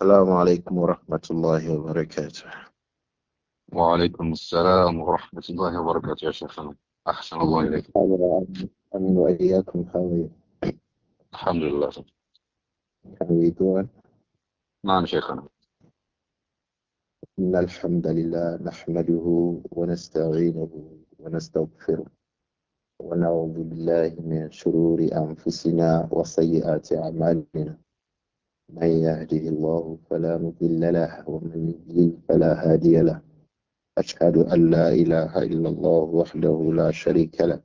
السلام عليكم ورحمة الله وبركاته وعليكم السلام ورحمة الله وبركاته يا شيخنا أحسن الله إليكم أمين وإياكم حبيبي الحمد لله حبيبي نعم شيخنا إن الحمد لله نحمده ونستعينه ونستغفره ونعوذ بالله من شرور أنفسنا وسيئات أعمالنا من يهده الله فلا مضل له ومن يضلل فلا هادي له أشهد أن لا إله إلا الله وحده لا شريك له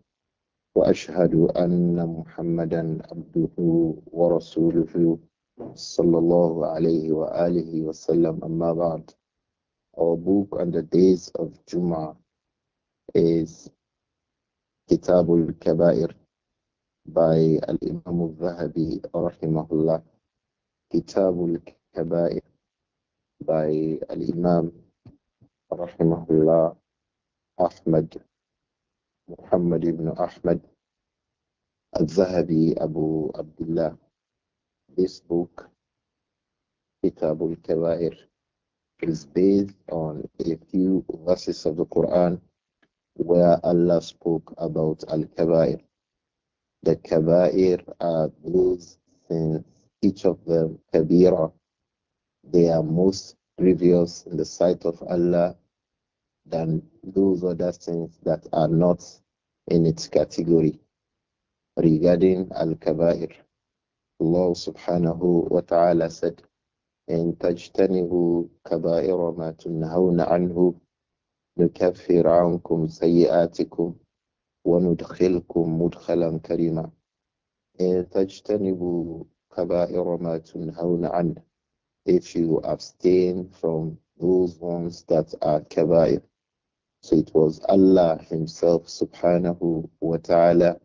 وأشهد أن محمدا عبده ورسوله صلى الله عليه وآله وسلم أما بعد Our book on the days of Juma is Kitab al-Kabair by Al-Imam al-Zahabi rahimahullah Kitabul Kabair by Al Imam Rahimahullah Ahmad Muhammad ibn Ahmad Al Zahabi Abu Abdullah. This book, Kitabul Kabair, is based on a few verses of the Quran where Allah spoke about Al Kabair. The Kabair are those sins each of them kabira. They are most grievous in the sight of Allah than those other things that are not in its category. Regarding al-kabair, Allah subhanahu wa ta'ala said, إن تجتنبوا كبائر ما تنهون عنه نكفر عنكم سيئاتكم وندخلكم مدخلا كريما إن تجتنبوا كبائر if you abstain from those ones that are kabair. So it was Allah Himself subhanahu wa ta'ala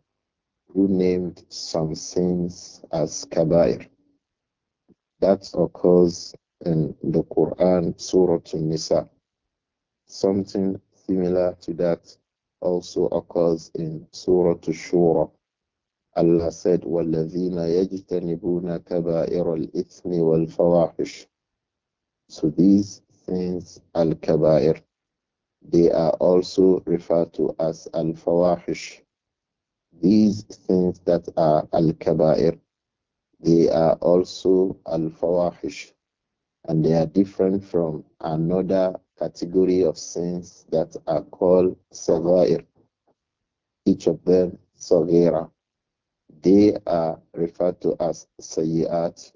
who named some sins as kabair. That occurs in the Quran, Surah An-Nisa. Something similar to that also occurs in Surah Ash-Shura. Allah said, وَالَّذِينَ يَجْتَنِبُونَ كَبَائِرَ الْإِثْمِ وَالْفَوَاحِشِ So these things, al-kabair, they are also referred to as al-fawahish. These things that are al-kabair, they are also al-fawahish. And they are different from another category of sins that are called sagair. Each of them, sagira they are referred to as Sayyat.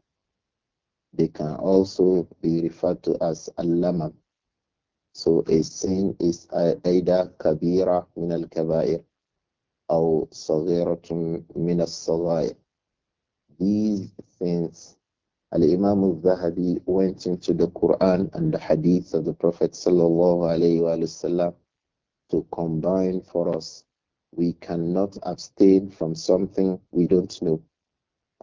They can also be referred to as Allama. So a sin is either Kabira min al Kabair or Saghiratun min al Saghair. These things Al-Imam al-Zahabi went into the Quran and the Hadith of the Prophet sallallahu alayhi to combine for us we cannot abstain from something we don't know.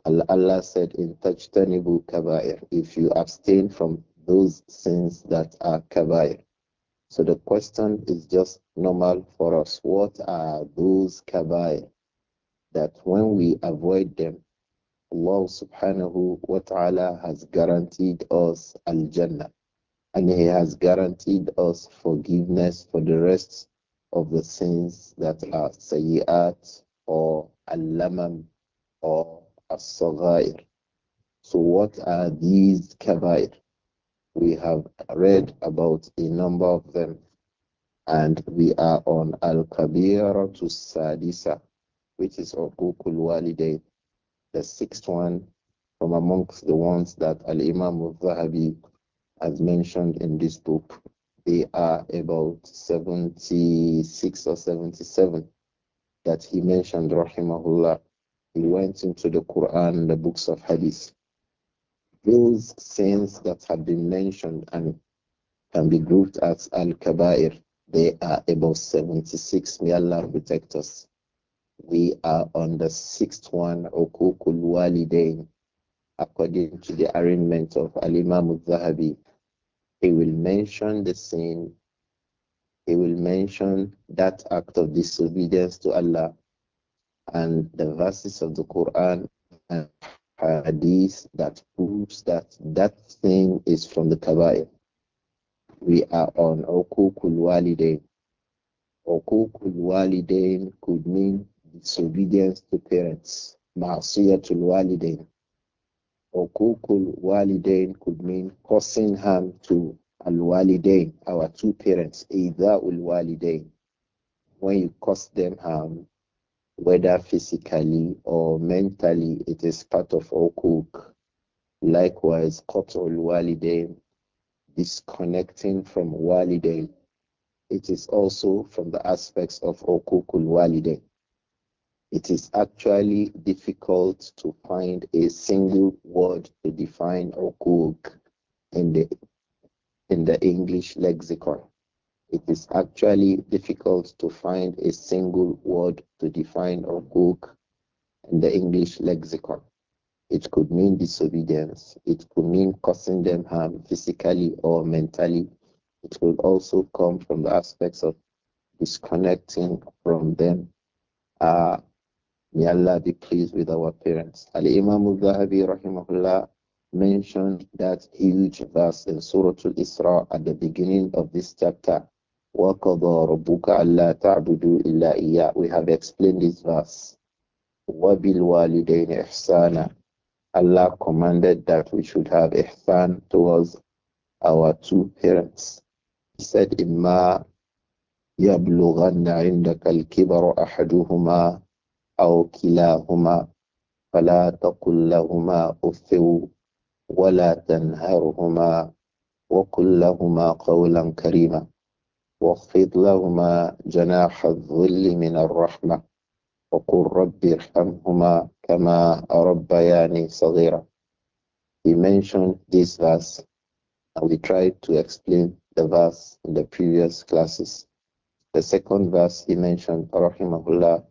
Allah said in Tajtanibu Kabair, if you abstain from those sins that are Kabair. So the question is just normal for us. What are those Kabair? That when we avoid them, Allah subhanahu wa ta'ala has guaranteed us Al Jannah. And He has guaranteed us forgiveness for the rest of the sins that are sayyat or al-lamam or as-saghair. So what are these kabair? We have read about a number of them and we are on al-kabira to sadisa which is uqukul walidain the sixth one from amongst the ones that al-imam al-zahabi has mentioned in this book they are about 76 or 77 that he mentioned, rahimahullah. He went into the Quran, the books of Hadith. Those sins that have been mentioned and can be grouped as al-kabair, they are about 76. May Allah protect us. We are on the sixth one, Okukul Walidain, according to the arrangement of Al-Imam al-Zahabi he will mention the sin. He will mention that act of disobedience to Allah and the verses of the Quran and hadith that proves that that thing is from the Kabair. We are on Okukul Walidain. Okukul Walidain could mean disobedience to parents. Ma'asiyatul Walidain Okukul walidain could mean causing harm to al walidain, our two parents, either ul walidain. When you cause them harm, whether physically or mentally, it is part of okuk. Likewise, qatul walidain, disconnecting from walidain. It is also from the aspects of okukul walidain it is actually difficult to find a single word to define uquq in the in the English lexicon. It is actually difficult to find a single word to define uquq in the English lexicon. It could mean disobedience. It could mean causing them harm physically or mentally. It will also come from the aspects of disconnecting from them uh, May Allah be pleased with our parents. Al Imam al Zahabi rahimahullah mentioned that huge verse in Surah Al Isra at the beginning of this chapter. وَقَضَى رَبُّكَ أَلَّا تَعْبُدُوا إِلَّا إِيَّا We have explained this verse. وَبِالْوَالِدَيْنِ إِحْسَانًا Allah commanded that we should have ihsan towards our two parents. He said, إِمَّا يَبْلُغَنَّ عِنْدَكَ الْكِبَرُ أَحَدُهُمَا أو كلاهما فلا تقل لهما أف ولا تنهرهما وقل لهما قولا كريما واخفض لهما جناح الظل من الرحمة وقل رب ارحمهما كما ربياني صغيرا He mentioned this verse and we tried to explain the verse in the previous classes. The second verse he mentioned, Rahimahullah,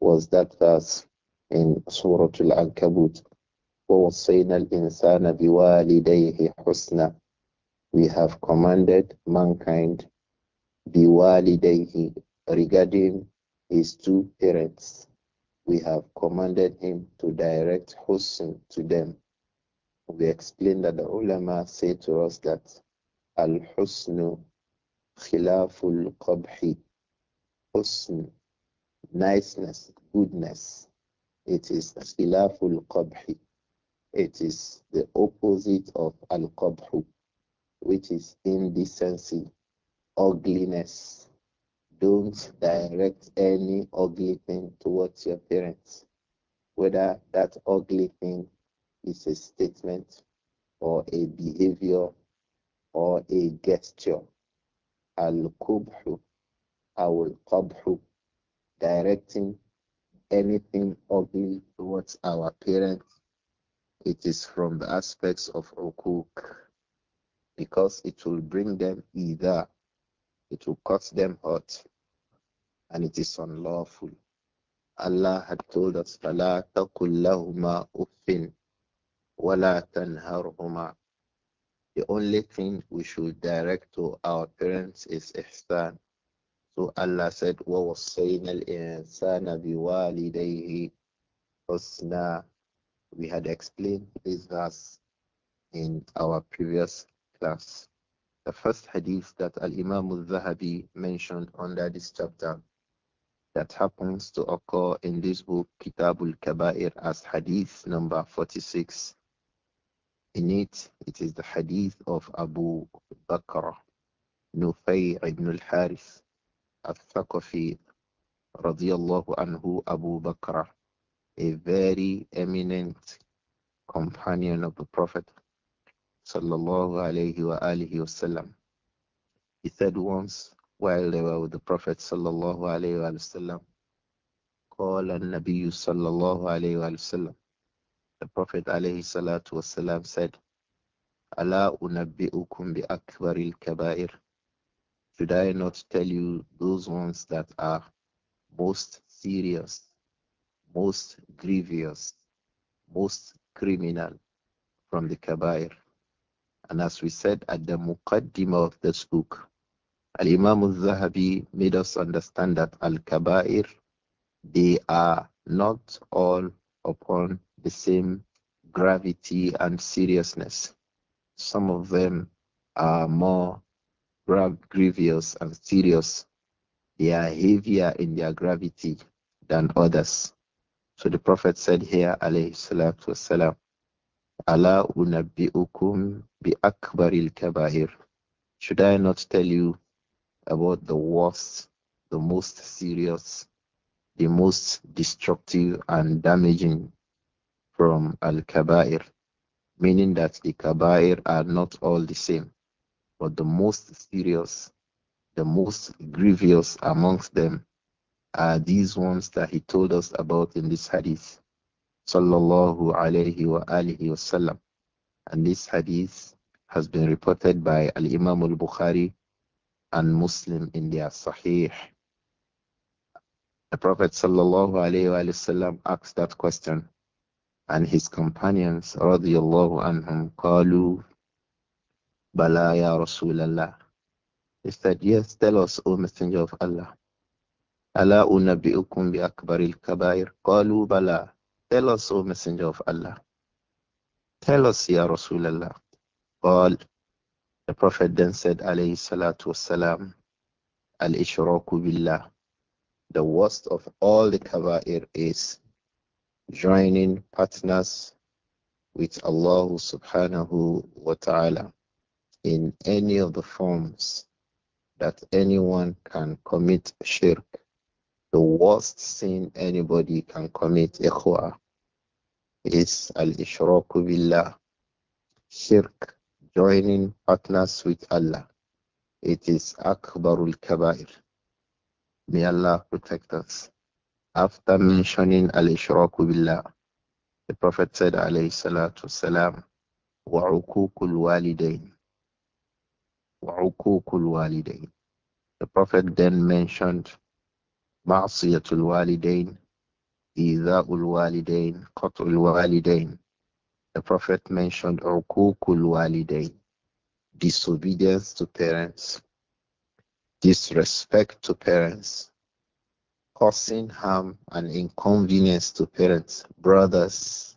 was that verse in Surah Al-Ankabut. We have commanded mankind regarding his two parents. We have commanded him to direct husn to them. We explained that the ulama say to us that al-husnu khilaful qabhi. Husn niceness, goodness. It is khilaful qabhi. It is the opposite of al qabhu, which is indecency, ugliness. Don't direct any ugly thing towards your parents, whether that ugly thing is a statement or a behavior or a gesture. Al-kubhu, al-qabhu, directing anything ugly towards our parents, it is from the aspects of ukuk because it will bring them either, it will cause them hurt, and it is unlawful. Allah had told us, فَلَا تَقُلْ لَهُمَا أُفٍّ وَلَا The only thing we should direct to our parents is ihsan. So Allah said, وَوَصَّيْنَا الْإِنسَانَ بِوَالِدَيْهِ حُسْنًا We had explained this verse in our previous class. The first hadith that Al-Imam al-Zahabi mentioned under this chapter that happens to occur in this book, Kitabul Kaba'ir, as hadith number 46. In it, it is the hadith of Abu Bakr, Nufay ibn al-Harith, al-Thaqafi radiallahu anhu Abu Bakr, a very eminent companion of the Prophet sallallahu alayhi wa alihi wasallam. He said once while they were with the Prophet sallallahu alayhi wa sallam, قال النبي صلى الله عليه وسلم The Prophet عليه الصلاة والسلام said ألا أنبئكم بأكبر الكبائر should I not tell you those ones that are most serious, most grievous, most criminal from the Kabair? And as we said at the Muqaddimah of this book, Al Imam al Zahabi made us understand that Al Kabair, they are not all upon the same gravity and seriousness. Some of them are more grievous and serious. They are heavier in their gravity than others. So the Prophet said here, alayhi salatu wasalam, Allah unabbi'ukum bi akbaril kabahir. Should I not tell you about the worst, the most serious, the most destructive and damaging from al-kabair, meaning that the kabair are not all the same. But the most serious, the most grievous amongst them are these ones that he told us about in this hadith. Sallallahu alayhi wa alihi wasallam. And this hadith has been reported by Al Imam al Bukhari and Muslim in their Sahih. The Prophet sallallahu alayhi wa sallam asked that question, and his companions radiallahu anhum قالوا Bala ya Rasulallah. He said, Yes, tell us, O Messenger of Allah. Ala unabiukum bi akbaril kabair. Qalu bala. Tell us, O Messenger of Allah. Tell us, Ya Rasulallah. Qal. The Prophet then said, alayhi salatu wasalam, al-ishraku billah. The worst of all the kabair is joining partners with Allah subhanahu wa ta'ala in any of the forms that anyone can commit shirk. The worst sin anybody can commit ikhwa, is al ishraku billah, shirk, joining partners with Allah. It is akbarul kabair. May Allah protect us. After mentioning al ishraku billah, the Prophet said alayhi salatu salam, wa'ukukul walidain the Prophet then mentioned Ma'siyatul Walidain, Iza'ul Walidain, Qat'ul Walidain. The Prophet mentioned Ukukul Walidain, disobedience to parents, disrespect to parents, causing harm and inconvenience to parents. Brothers,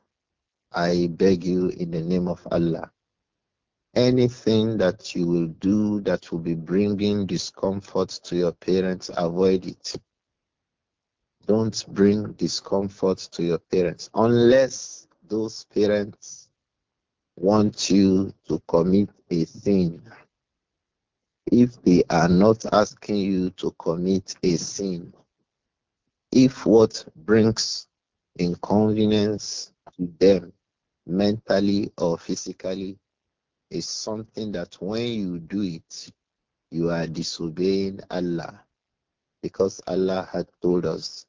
I beg you in the name of Allah, Anything that you will do that will be bringing discomfort to your parents, avoid it. Don't bring discomfort to your parents unless those parents want you to commit a sin. If they are not asking you to commit a sin, if what brings inconvenience to them mentally or physically is something that when you do it, you are disobeying Allah. Because Allah had told us,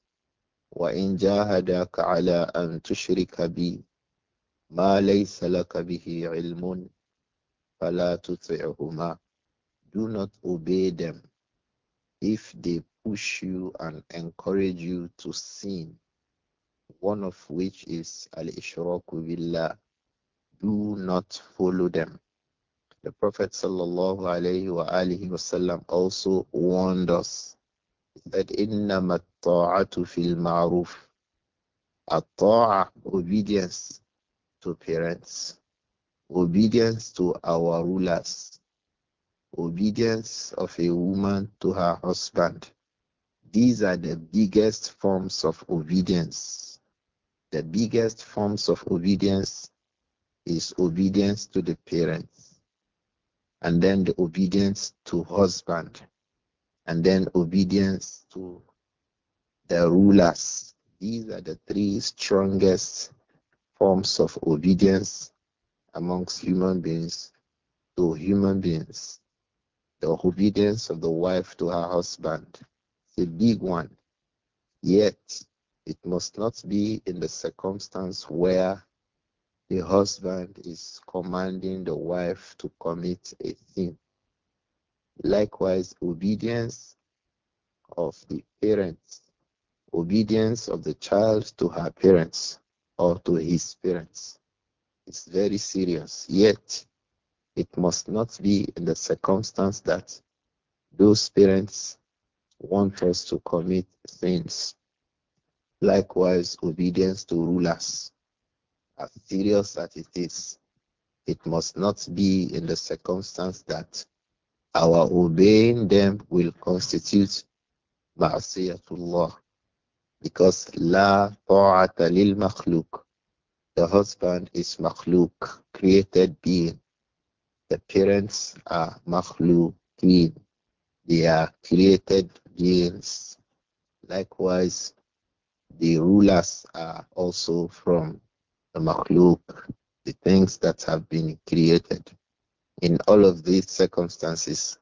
وَإِن جَاهَدَكَ عَلَىٰ أَن تُشْرِكَ بِي مَا لَيْسَ لَكَ بِهِ عِلْمٌ فَلَا تُطِعْهُمَا Do not obey them if they push you and encourage you to sin, one of which is al-ishraku billah. Do not follow them. The Prophet sallallahu also warned us that إنما الطاعة في ma'ruf. at obedience to parents, obedience to our rulers, obedience of a woman to her husband. These are the biggest forms of obedience. The biggest forms of obedience is obedience to the parents and then the obedience to husband, and then obedience to the rulers. These are the three strongest forms of obedience amongst human beings to human beings. The obedience of the wife to her husband is a big one. Yet, it must not be in the circumstance where the husband is commanding the wife to commit a sin. Likewise, obedience of the parents, obedience of the child to her parents or to his parents is very serious. Yet, it must not be in the circumstance that those parents want us to commit sins. Likewise, obedience to rulers as serious as it is, it must not be in the circumstance that our obeying them will constitute ma'asiyatullah. Because la ta'ata lil makhluk. The husband is makhluk, created being. The parents are makhlukin. They are created beings. Likewise, the rulers are also from the makhluk, the things that have been created. In all of these circumstances,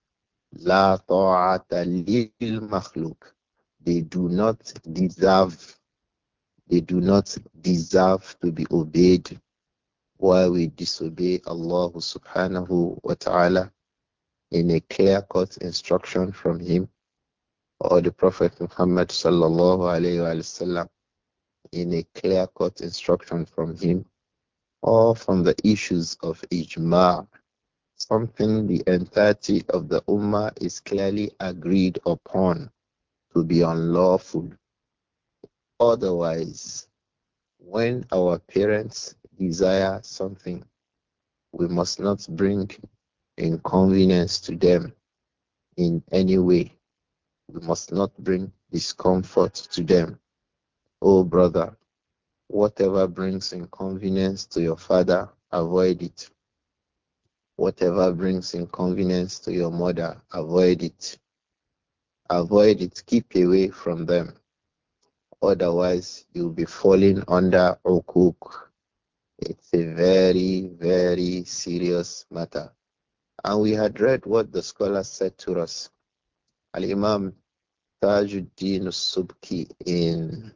La ta'ata lil makhluk. They do not deserve, they do not deserve to be obeyed while we disobey Allah subhanahu wa ta'ala in a clear cut instruction from Him or the Prophet Muhammad sallallahu alayhi wa sallam in a clear cut instruction from him or from the issues of ijma, something the entirety of the ummah is clearly agreed upon to be unlawful. Otherwise, when our parents desire something, we must not bring inconvenience to them in any way. We must not bring discomfort to them. O oh brother, whatever brings inconvenience to your father, avoid it. Whatever brings inconvenience to your mother, avoid it. Avoid it. Keep away from them. Otherwise, you'll be falling under Okuk. It's a very, very serious matter. And we had read what the scholar said to us. Al Imam Tajuddin Subki in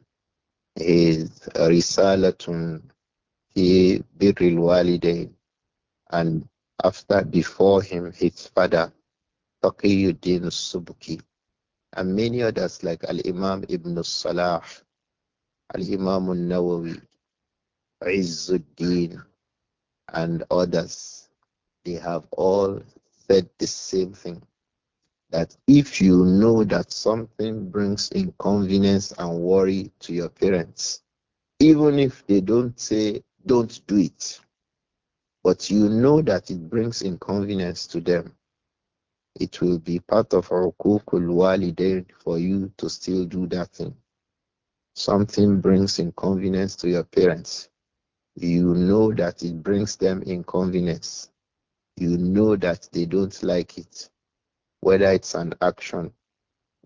is رسالة he بر الوالدين and after before him his father Taqiyuddin Subki and many others like Al Imam Ibn Salah, Al Imam Al Nawawi, Izzuddin, and others. They have all said the same thing that if you know that something brings inconvenience and worry to your parents, even if they don't say, don't do it, but you know that it brings inconvenience to them, it will be part of our there for you to still do that thing. Something brings inconvenience to your parents. You know that it brings them inconvenience. You know that they don't like it whether it's an action,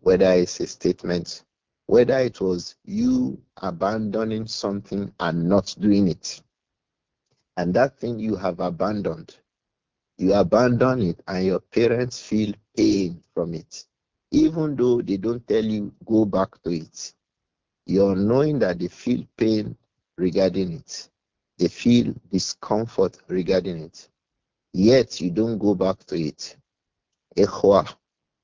whether it's a statement, whether it was you abandoning something and not doing it. And that thing you have abandoned, you abandon it and your parents feel pain from it. Even though they don't tell you, go back to it. You're knowing that they feel pain regarding it. They feel discomfort regarding it. Yet you don't go back to it. Ikhwa.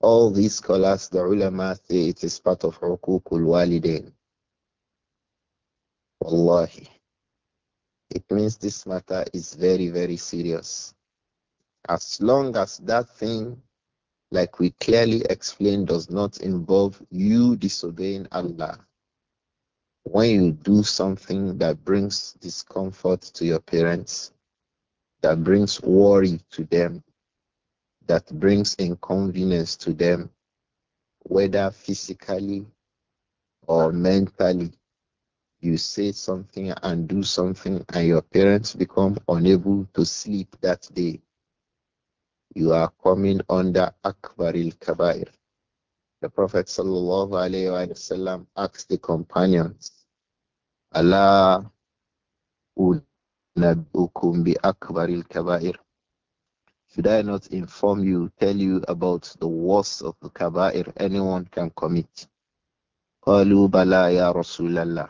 All these scholars, the ulama say it is part of Hukukul Walidain. Wallahi. It means this matter is very, very serious. As long as that thing, like we clearly explained, does not involve you disobeying Allah. When you do something that brings discomfort to your parents, that brings worry to them, that brings inconvenience to them, whether physically or mentally. You say something and do something, and your parents become unable to sleep that day. You are coming under Akbaril Kabair. The Prophet وسلم, asked the companions, Allah bi akbaril kabair. Should I not inform you, tell you about the worst of the kaba'ir anyone can commit? قالوا بلى يا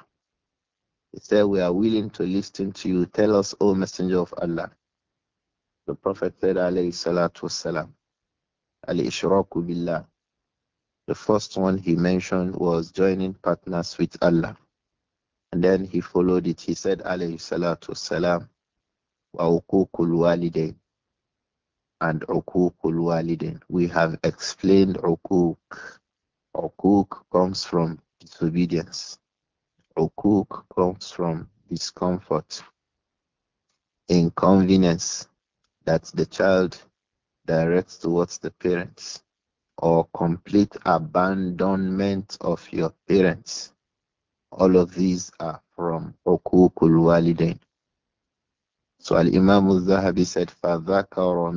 He said, we are willing to listen to you. Tell us, O Messenger of Allah. The Prophet said, alayhi salatu wasalam, al-ishraku billah. The first one he mentioned was joining partners with Allah. And then he followed it. He said, alayhi salatu wasalam, wa ukukul walidain and uququl walidin. We have explained uquq. Uquq comes from disobedience. Uquq comes from discomfort, inconvenience that the child directs towards the parents, or complete abandonment of your parents. All of these are from uququl walidin. So Al Imam al Zahabi said, فَذَكَرَ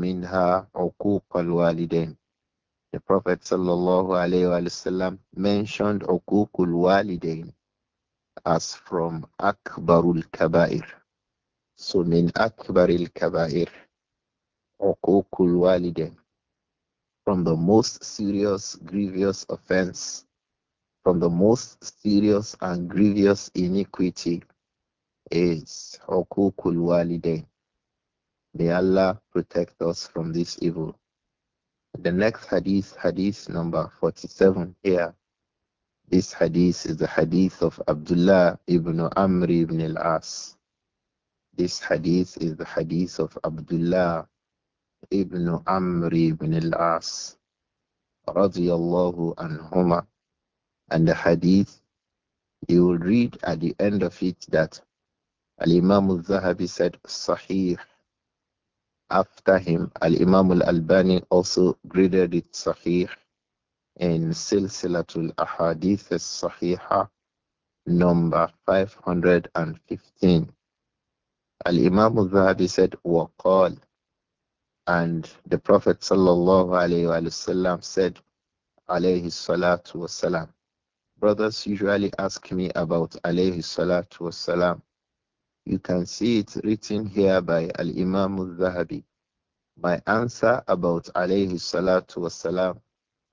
مِنْهَا عُقُوقَ الْوَالِدَيْنِ The Prophet وسلم, mentioned عُقُوقُ الْوَالِدَيْنِ as from akbarul kabair. So min akbarul الْكَبَائِرِ عُقُوقُ الْوَالِدَيْنِ From the most serious, grievous offense, from the most serious and grievous iniquity is Hukukul Walidain. May Allah protect us from this evil. The next hadith, hadith number 47 here. This hadith is the hadith of Abdullah ibn Amr ibn al-As. This hadith is the hadith of Abdullah ibn Amr ibn al-As radiyallahu anhuma. And the hadith, you will read at the end of it that Al Imam al Zahabi said Sahih. After him, Al Imam al Albani also graded it Sahih in Silsilatul Ahadith al Sahihah, number 515. Al Imam al Zahabi said Waqal. And the Prophet sallallahu alayhi wa sallam said, alayhi salatu wasalam. Brothers usually ask me about alayhi salatu wasalam. You can see it written here by Al Imam al Zahabi. My answer about alayhi salatu salam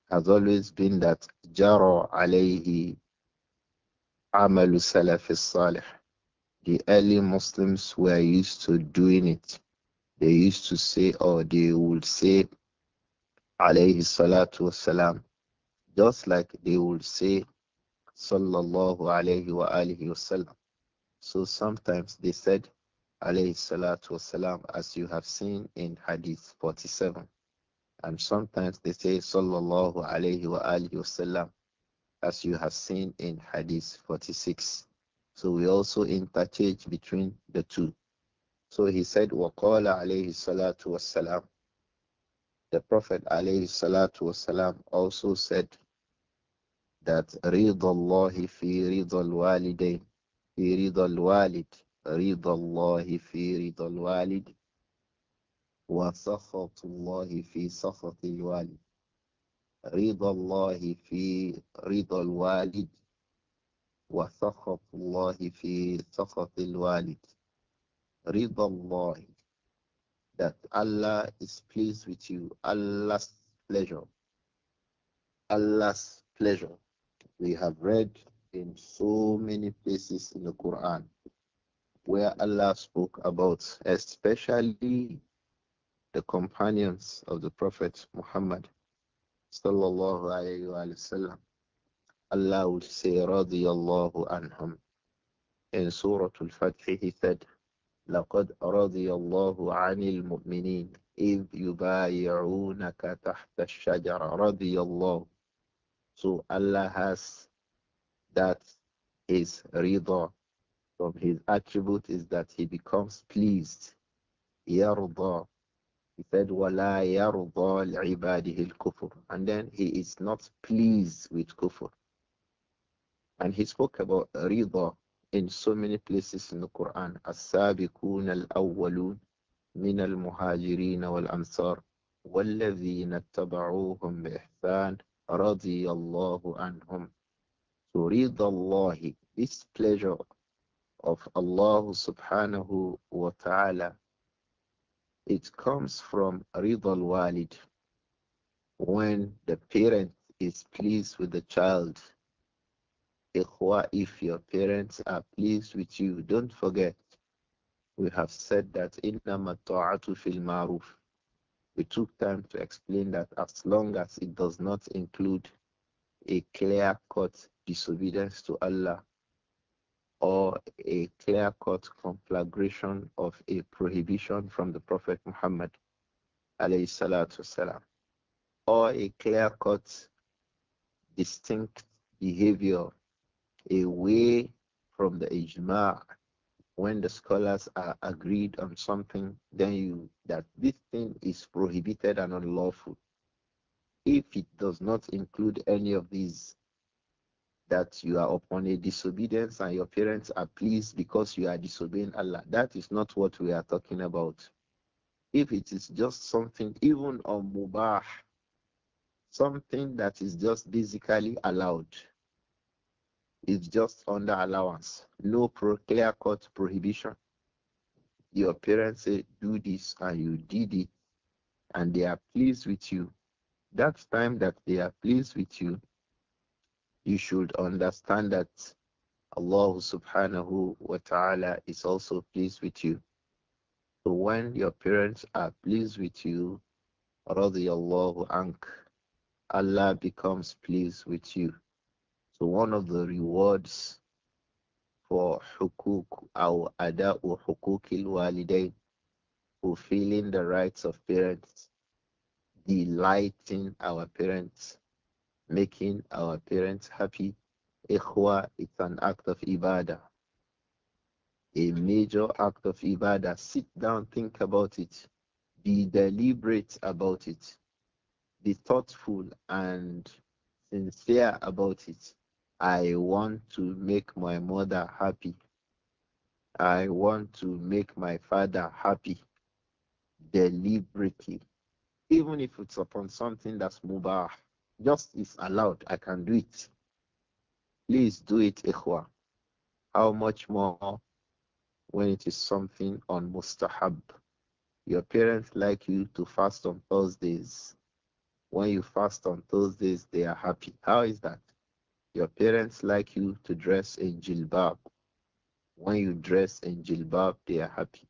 has always been that Jaro alayhi amalu salaf salih. The early Muslims were used to doing it. They used to say, or they would say, alayhi salatu salam, just like they would say, sallallahu alayhi wa alihi wasallam. So sometimes they said, alayhi salatu wasalam, as you have seen in Hadith 47. And sometimes they say, sallallahu alayhi wa alihi wasalam, as you have seen in Hadith 46. So we also interchange between the two. So he said, وَقَالَ عَلَيْهِ الصَّلَاةُ وَالسَّلَامُ The Prophet عليه الصلاة والسلام also said that رِضَ اللَّهِ فِي رِضَ الْوَالِدَيْنِ في رضا الوالد رضا الله في رضا الوالد وسخط الله في سخط الوالد رضا الله في رضا الوالد وسخط الله في سخط الوالد رضا الله that Allah is pleased with you Allah's pleasure Allah's pleasure we have read in so many places in the Quran where Allah spoke about, especially the companions of the Prophet Muhammad sallallahu alayhi wa sallam. Allah would say, radiyallahu anhum. In Surah Al-Fatih, he said, لقد رضي الله عن المؤمنين إذ يبايعونك تحت الشجرة رضي الله So Allah has that is rida. From his attribute is that he becomes pleased. Yarda. He said, وَلَا يَرْضَى al الْكُفُرِ And then he is not pleased with kufr. And he spoke about rida in so many places in the Quran. al-awwalun السابقون الأولون من المهاجرين والأنصار والذين اتبعوهم بإحسان رضي الله عنهم to read Allah, this pleasure of Allah subhanahu wa ta'ala, it comes from Rid al Walid. When the parent is pleased with the child, if your parents are pleased with you, don't forget, we have said that innama ta'atu fil ma'ruf. We took time to explain that as long as it does not include a clear cut disobedience to Allah or a clear cut conflagration of a prohibition from the Prophet Muhammad or a clear cut distinct behavior away from the ijma when the scholars are agreed on something then you that this thing is prohibited and unlawful if it does not include any of these, that you are upon a disobedience and your parents are pleased because you are disobeying Allah. That is not what we are talking about. If it is just something, even on mubah, something that is just basically allowed, it's just under allowance, no clear cut prohibition. Your parents say, Do this, and you did it, and they are pleased with you that time that they are pleased with you, you should understand that Allah subhanahu wa ta'ala is also pleased with you. So when your parents are pleased with you, radiyallahu ank, Allah becomes pleased with you. So one of the rewards for hukuk or ada'u hukukil walidain, fulfilling the rights of parents, delighting our parents, making our parents happy. Ikhwa, it's an act of ibadah, a major act of ibadah. Sit down, think about it, be deliberate about it, be thoughtful and sincere about it. I want to make my mother happy. I want to make my father happy deliberately even if it's upon something that's mubah, just is allowed. I can do it. Please do it, ikhwa. How much more when it is something on mustahab? Your parents like you to fast on Thursdays. When you fast on Thursdays, they are happy. How is that? Your parents like you to dress in jilbab. When you dress in jilbab, they are happy.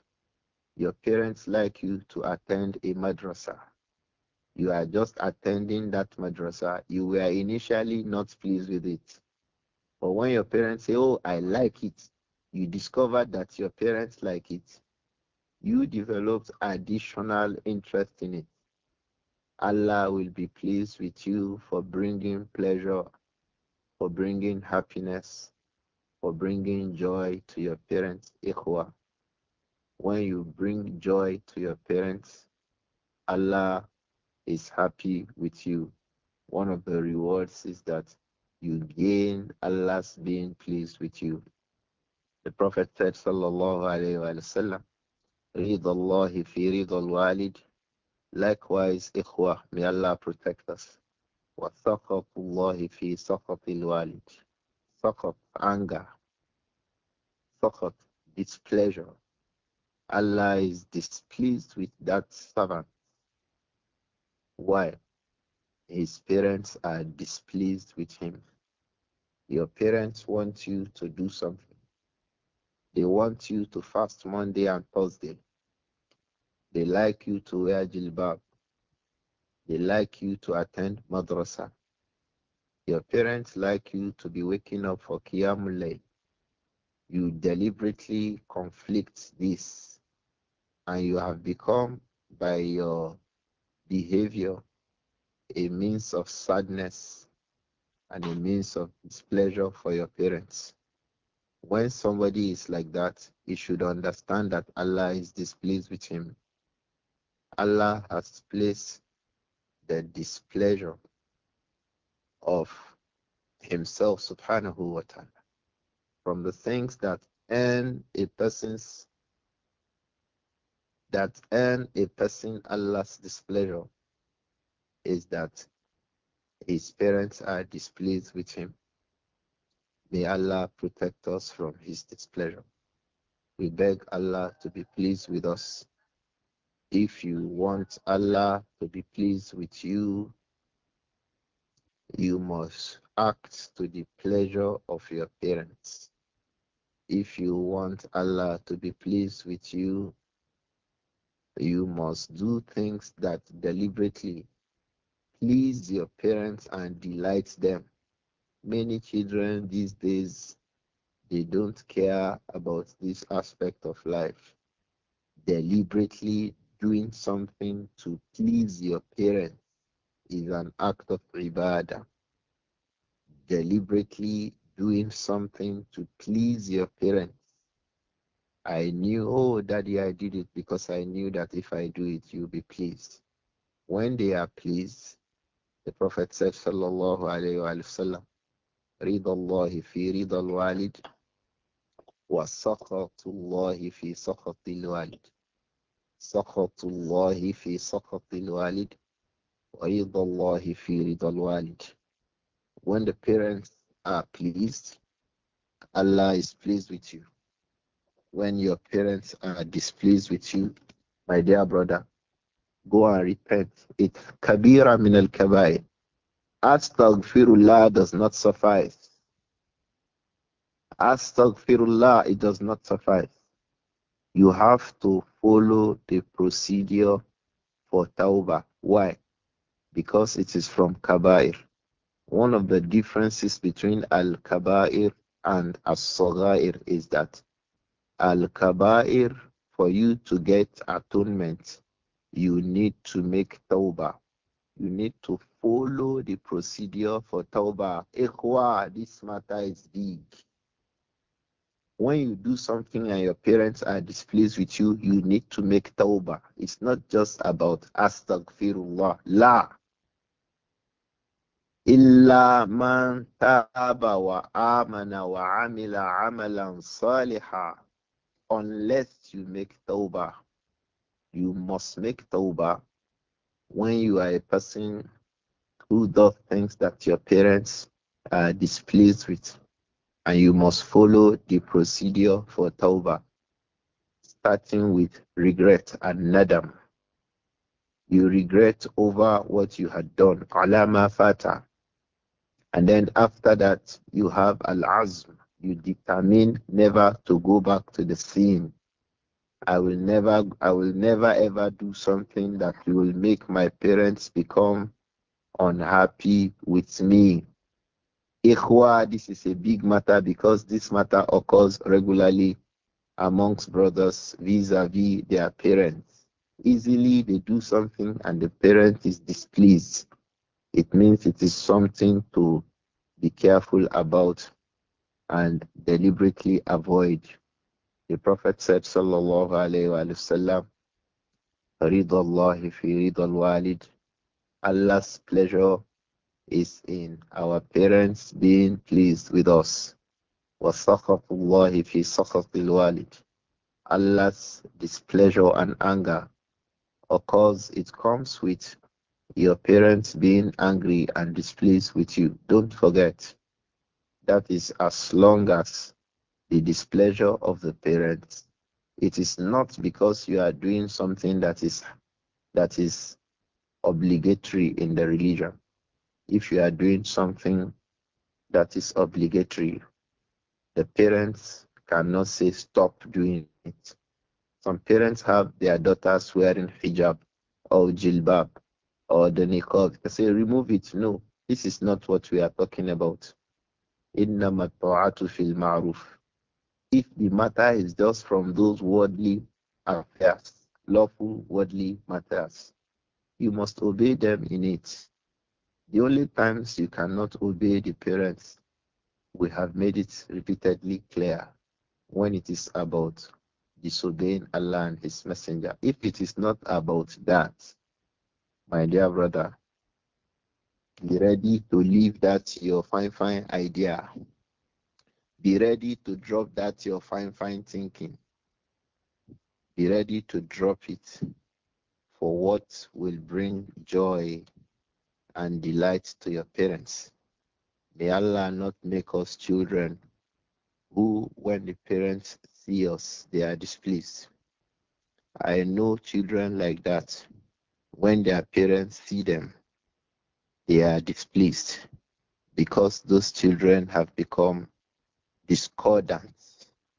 Your parents like you to attend a madrasa. You are just attending that madrasa. You were initially not pleased with it. But when your parents say, Oh, I like it, you discover that your parents like it. You developed additional interest in it. Allah will be pleased with you for bringing pleasure, for bringing happiness, for bringing joy to your parents. Ikhwa. When you bring joy to your parents, Allah is happy with you. One of the rewards is that you gain Allah's being pleased with you. The Prophet said, Sallallahu Alaihi Wasallam, Read Allah if you read al walid. Likewise, Ikhwa, may Allah protect us. Wa وَسَقَطُ اللَّهِ فِي al-Walid. Saqat, anger. Saqat, displeasure. Allah is displeased with that servant why? His parents are displeased with him. Your parents want you to do something. They want you to fast Monday and Thursday. They like you to wear jilbab. They like you to attend madrasa. Your parents like you to be waking up for Qiyamul Layl. You deliberately conflict this and you have become by your behavior a means of sadness and a means of displeasure for your parents. When somebody is like that, he should understand that Allah is displeased with him. Allah has placed the displeasure of himself subhanahu wa ta'ala from the things that earn a person's that earn a person Allah's displeasure is that his parents are displeased with him. May Allah protect us from his displeasure. We beg Allah to be pleased with us. If you want Allah to be pleased with you, you must act to the pleasure of your parents. If you want Allah to be pleased with you, you must do things that deliberately please your parents and delight them. Many children these days, they don't care about this aspect of life. Deliberately doing something to please your parents is an act of ibadah. Deliberately doing something to please your parents I knew, oh, daddy, I did it because I knew that if I do it, you'll be pleased. When they are pleased, the Prophet said, Sallallahu Alaihi Wasallam, Read Allah fi read al walid, wa if fi al walid. Allah fi al walid, wa read Allah fi read al walid. When the parents are pleased, Allah is pleased with you when your parents are displeased with you, my dear brother, go and repent. It kabira min al kabair. Astaghfirullah does not suffice. Astaghfirullah, it does not suffice. You have to follow the procedure for tawbah. Why? Because it is from kabair. One of the differences between al kabair and as-sagair is that Al-Kaba'ir, for you to get atonement, you need to make tawbah. You need to follow the procedure for tawbah. Ikhwa, this matter is big. When you do something and your parents are displeased with you, you need to make tawbah. It's not just about astaghfirullah. La. taaba wa تاب wa وعمل عملا صالحا unless you make tawbah. You must make tawbah when you are a person who does things that your parents are displeased with. And you must follow the procedure for tawbah, starting with regret and nadam. You regret over what you had done, alama fata. And then after that, you have al azm, you determine never to go back to the scene. I will never, I will never ever do something that will make my parents become unhappy with me. Ikhwa, this is a big matter because this matter occurs regularly amongst brothers vis a -vis their parents. Easily they do something and the parent is displeased. It means it is something to be careful about and deliberately avoid. The Prophet said, Sallallahu Alaihi Wasallam, Ridallahi fi ridal Allah's pleasure is in our parents being pleased with us. Wasakatullahi fi sakatil Allah's displeasure and anger occurs, it comes with your parents being angry and displeased with you. Don't forget that is as long as the displeasure of the parents. It is not because you are doing something that is that is obligatory in the religion. If you are doing something that is obligatory, the parents cannot say stop doing it. Some parents have their daughters wearing hijab or jilbab or the niqab. They say remove it. No, this is not what we are talking about. إِنَّمَا الطَّاعَةُ If the matter is just from those worldly affairs, lawful worldly matters, you must obey them in it. The only times you cannot obey the parents, we have made it repeatedly clear when it is about disobeying Allah and His Messenger. If it is not about that, my dear brother, be ready to leave that your fine, fine idea. Be ready to drop that your fine, fine thinking. Be ready to drop it for what will bring joy and delight to your parents. May Allah not make us children who, when the parents see us, they are displeased. I know children like that. When their parents see them, they are displeased because those children have become discordant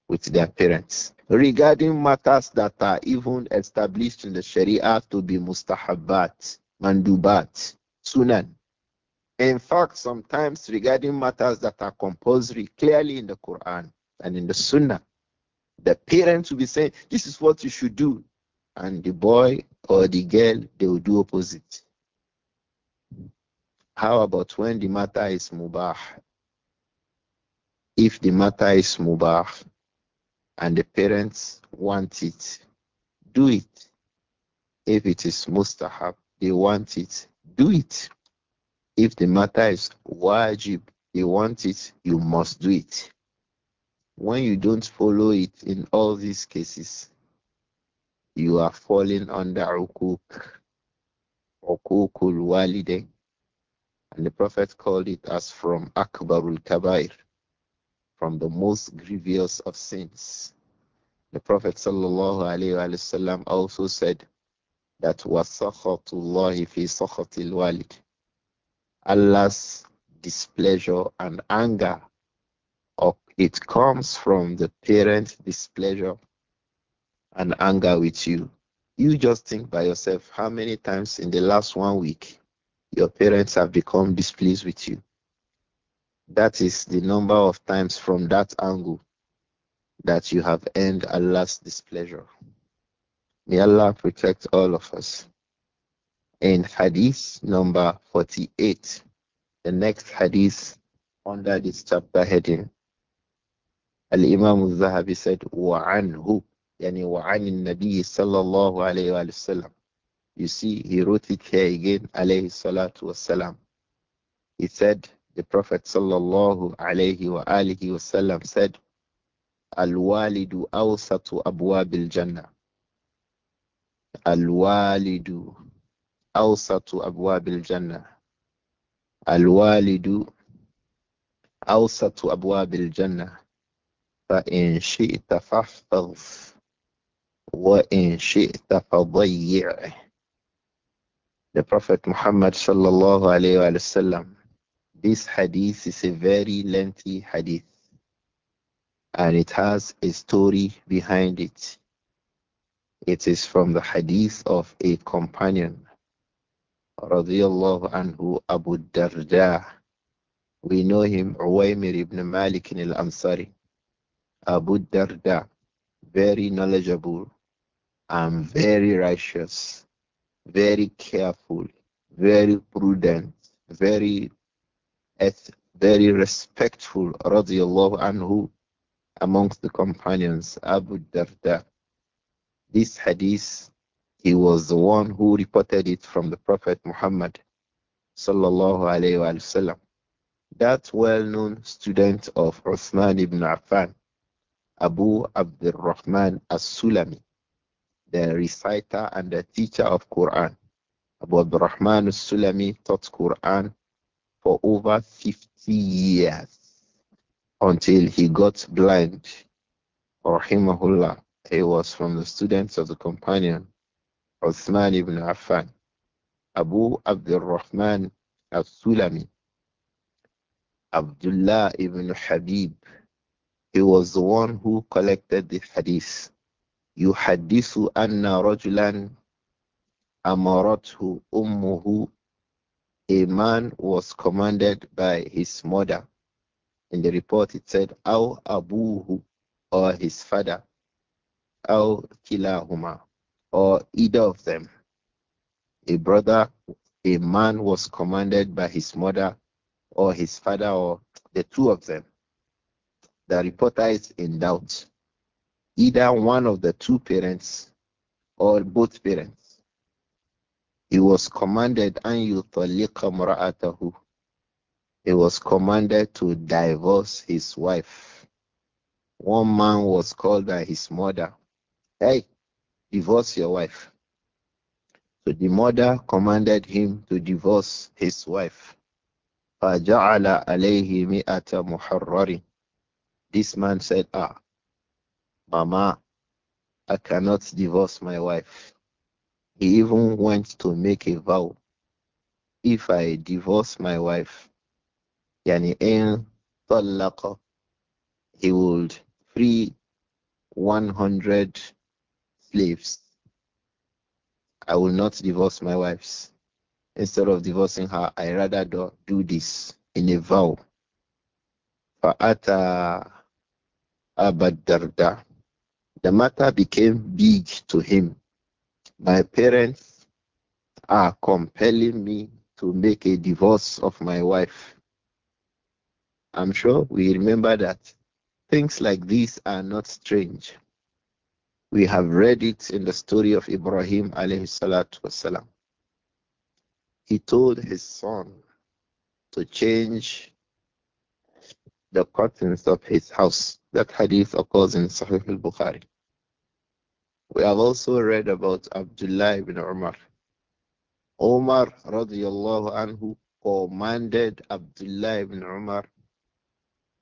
with their parents regarding matters that are even established in the Sharia to be mustahabbat, mandubat, sunan. In fact, sometimes regarding matters that are compulsory clearly in the Quran and in the Sunnah, the parents will be saying, This is what you should do. And the boy or the girl, they will do opposite. How about when the matter is mubah? If the matter is mubah and the parents want it, do it. If it is mustahab, they want it, do it. If the matter is wajib, they want it, you must do it. When you don't follow it in all these cases, you are falling under ukuk, ukukul walidain and the Prophet called it as from Akbarul Kabair, from the most grievous of sins. The Prophet وسلم, also said that wasakhatullahi fi sakhatil walid. Allah's displeasure and anger, it comes from the parent's displeasure and anger with you. You just think by yourself how many times in the last one week your parents have become displeased with you. That is the number of times from that angle that you have earned Allah's displeasure. May Allah protect all of us. In Hadith number 48, the next Hadith under this chapter heading, Al Imam al Zahabi said, وَعَنْهُ يعني وعن النبي صلى الله عليه وسلم you see, he wrote it here again, alayhi salatu wasalam. He said, the Prophet sallallahu alayhi wa alihi wasallam said, Al-walidu awsatu abwabil jannah. Al-walidu awsatu abwabil jannah. Al-walidu awsatu abwabil jannah. فإن شئت فاحفظ وإن شئت فضيعه the Prophet Muhammad sallallahu alayhi wa sallam. This hadith is a very lengthy hadith and it has a story behind it. It is from the hadith of a companion, radiallahu anhu, Abu Darda. We know him, Uwaymir ibn Malik al-Ansari. Abu Darda, very knowledgeable and very righteous very careful, very prudent, very very respectful radiallahu anhu amongst the companions Abu Darda. This hadith, he was the one who reported it from the Prophet Muhammad sallallahu alayhi wa sallam. That well-known student of Uthman ibn Affan, Abu Abdurrahman as-Sulami, the reciter and the teacher of Quran. Abu al-Rahman al-Sulami taught Quran for over 50 years until he got blind. Rahimahullah. He was from the students of the companion Uthman ibn Affan. Abu Abdurrahman al-Sulami. Abdullah ibn Habib. He was the one who collected the hadith يحدث أن رجلا أمرته أمه a man was commanded by his mother. In the report it said أو أبوه or his father أو كلاهما or either of them. A brother, a man was commanded by his mother or his father or the two of them. The reporter is in doubt either one of the two parents or both parents. He was commanded an yutalliqa He was commanded to divorce his wife. One man was called by his mother, "Hey, divorce your wife." So the mother commanded him to divorce his wife. This man said, ah, Mama, I cannot divorce my wife. He even went to make a vow. If I divorce my wife, Yani he would free 100 slaves. I will not divorce my wives. Instead of divorcing her, I rather do, do this in a vow. فأتى أبا الدرداء the matter became big to him. My parents are compelling me to make a divorce of my wife. I'm sure we remember that things like these are not strange. We have read it in the story of Ibrahim alayhi salatu wasalam. He told his son to change the curtains of his house. That hadith occurs in Sahih al-Bukhari. We have also read about Abdullah ibn Umar. Umar radiallahu anhu commanded Abdullah ibn Umar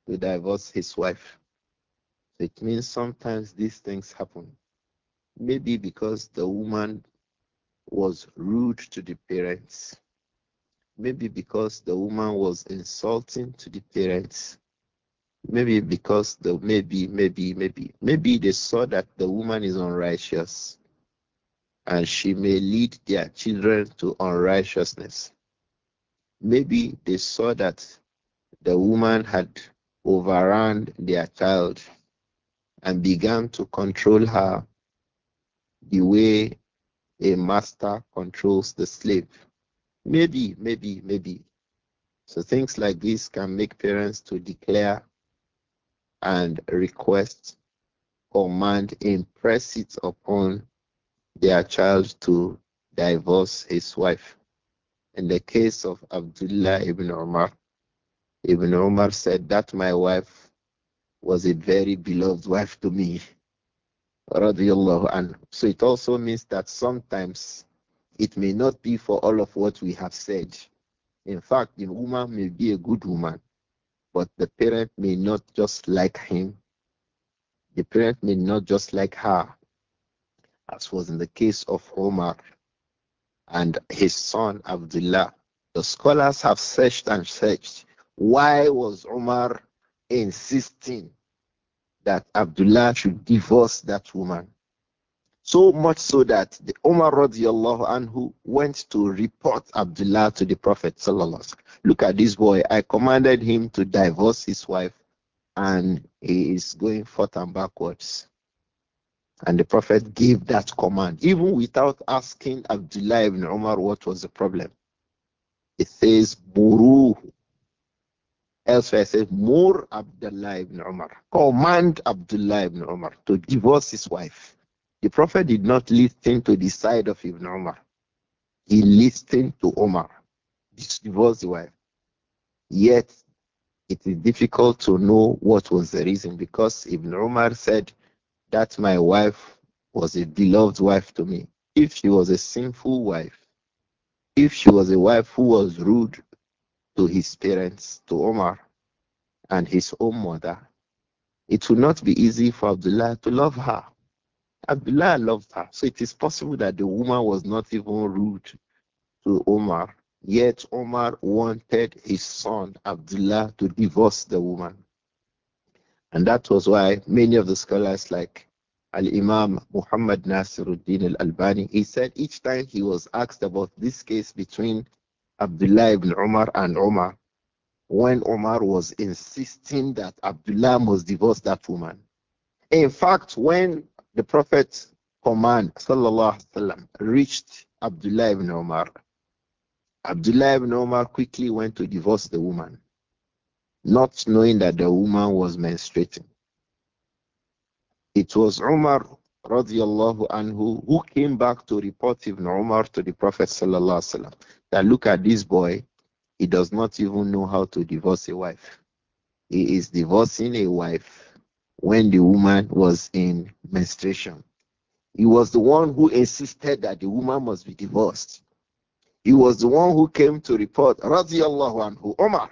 to divorce his wife. It means sometimes these things happen. Maybe because the woman was rude to the parents. Maybe because the woman was insulting to the parents. Maybe because the maybe, maybe, maybe, maybe they saw that the woman is unrighteous and she may lead their children to unrighteousness. Maybe they saw that the woman had overran their child and began to control her the way a master controls the slave. Maybe, maybe, maybe. So things like this can make parents to declare and request, command, impress it upon their child to divorce his wife. In the case of Abdullah ibn Omar, Ibn Omar said that my wife was a very beloved wife to me. And so it also means that sometimes it may not be for all of what we have said. In fact, the woman may be a good woman, but the parent may not just like him. The parent may not just like her, as was in the case of Omar and his son Abdullah. The scholars have searched and searched. Why was Omar insisting that Abdullah should divorce that woman? So much so that the Umar radiallahu anhu went to report Abdullah to the Prophet sallallahu Look at this boy. I commanded him to divorce his wife and he is going forth and backwards. And the Prophet gave that command, even without asking Abdullah ibn Umar what was the problem. It says, Buru. Elsewhere it says, more Abdullah ibn Umar. Command Abdullah ibn Umar to divorce his wife. The Prophet did not listen to the side of Ibn Omar. He listened to Omar, this divorced wife. Yet it is difficult to know what was the reason because Ibn Omar said that my wife was a beloved wife to me. If she was a sinful wife, if she was a wife who was rude to his parents, to Omar and his own mother, it would not be easy for Abdullah to love her. Abdullah loved her. So it is possible that the woman was not even rude to Omar. Yet Omar wanted his son Abdullah to divorce the woman. And that was why many of the scholars like Al Imam Muhammad Nasiruddin Al Albani, he said each time he was asked about this case between Abdullah ibn Omar and Omar, when Omar was insisting that Abdullah must divorce that woman. In fact, when the Prophet's command وسلم, reached Abdullah ibn Omar. Abdullah ibn Omar quickly went to divorce the woman, not knowing that the woman was menstruating. It was Umar radiallahu anhu who came back to report Ibn Umar to the Prophet وسلم, that look at this boy, he does not even know how to divorce a wife. He is divorcing a wife when the woman was in menstruation. He was the one who insisted that the woman must be divorced. He was the one who came to report radiallahu anhu Omar.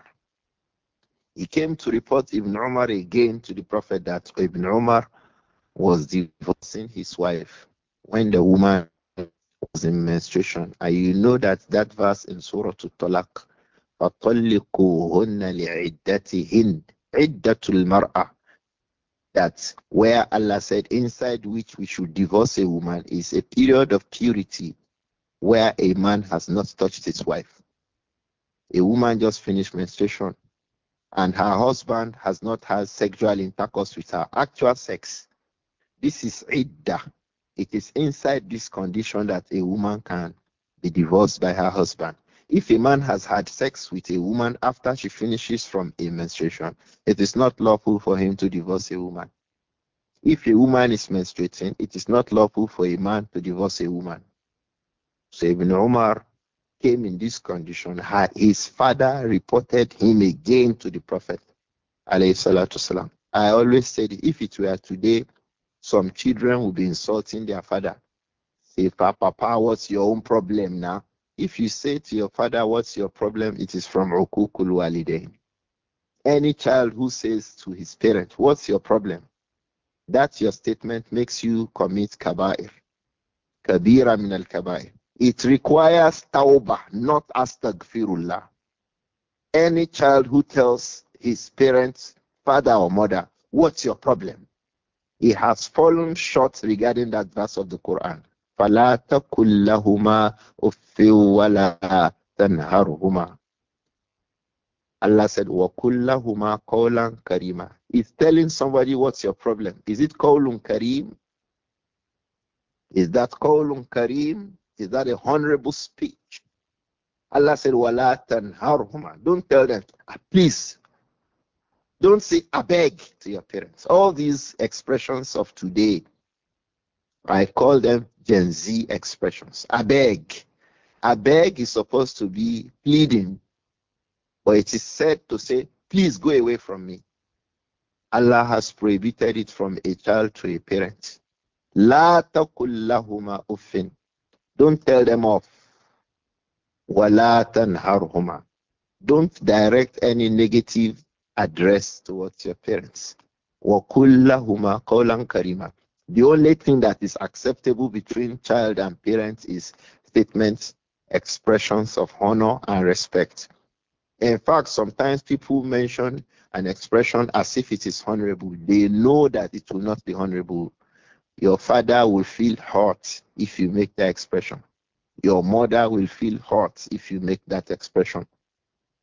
He came to report Ibn Omar again to the Prophet that Ibn Omar was divorcing his wife when the woman was in menstruation. And you know that that verse in Surah Talaq فَطَلِّقُوهُنَّ لِعِدَّتِهِنْ عِدَّةُ الْمَرْأَةِ that where Allah said, inside which we should divorce a woman is a period of purity where a man has not touched his wife. A woman just finished menstruation and her husband has not had sexual intercourse with her, actual sex. This is idda. It is inside this condition that a woman can be divorced by her husband. If a man has had sex with a woman after she finishes from a menstruation, it is not lawful for him to divorce a woman. If a woman is menstruating, it is not lawful for a man to divorce a woman. So Ibn Umar came in this condition. His father reported him again to the Prophet. I always said if it were today, some children would be insulting their father. Say, Papa, Papa, what's your own problem now? If you say to your father, What's your problem? it is from Rukukul Walidain. Any child who says to his parent, What's your problem? that your statement makes you commit kaba'ir. Kabira min al kaba'ir. It requires tawbah, not astaghfirullah. Any child who tells his parents, father or mother, what's your problem? He has fallen short regarding that verse of the Quran. فلا تقل لهما أف ولا تنهرهما Allah said, وَكُلَّهُمَا قَوْلًا كَرِيمًا It's telling somebody what's your problem. Is it قَوْلٌ كَرِيم? Is that قَوْلٌ كَرِيم? Is that a honorable speech? Allah said, وَلَا تَنْهَرْهُمَا Don't tell them, ah, please. Don't say, I beg to your parents. All these expressions of today, I call them Gen Z expressions. I beg. I beg is supposed to be pleading, but it is said to say, please go away from me. Allah has prohibited it from a child to a parent. La takullahuma uffin. Don't tell them off. Wala tanharhuma. Don't direct any negative address towards your parents. Wa kullahuma qawlan karima. The only thing that is acceptable between child and parents is statements, expressions of honor and respect. In fact, sometimes people mention an expression as if it is honorable. They know that it will not be honorable. Your father will feel hurt if you make that expression. Your mother will feel hurt if you make that expression.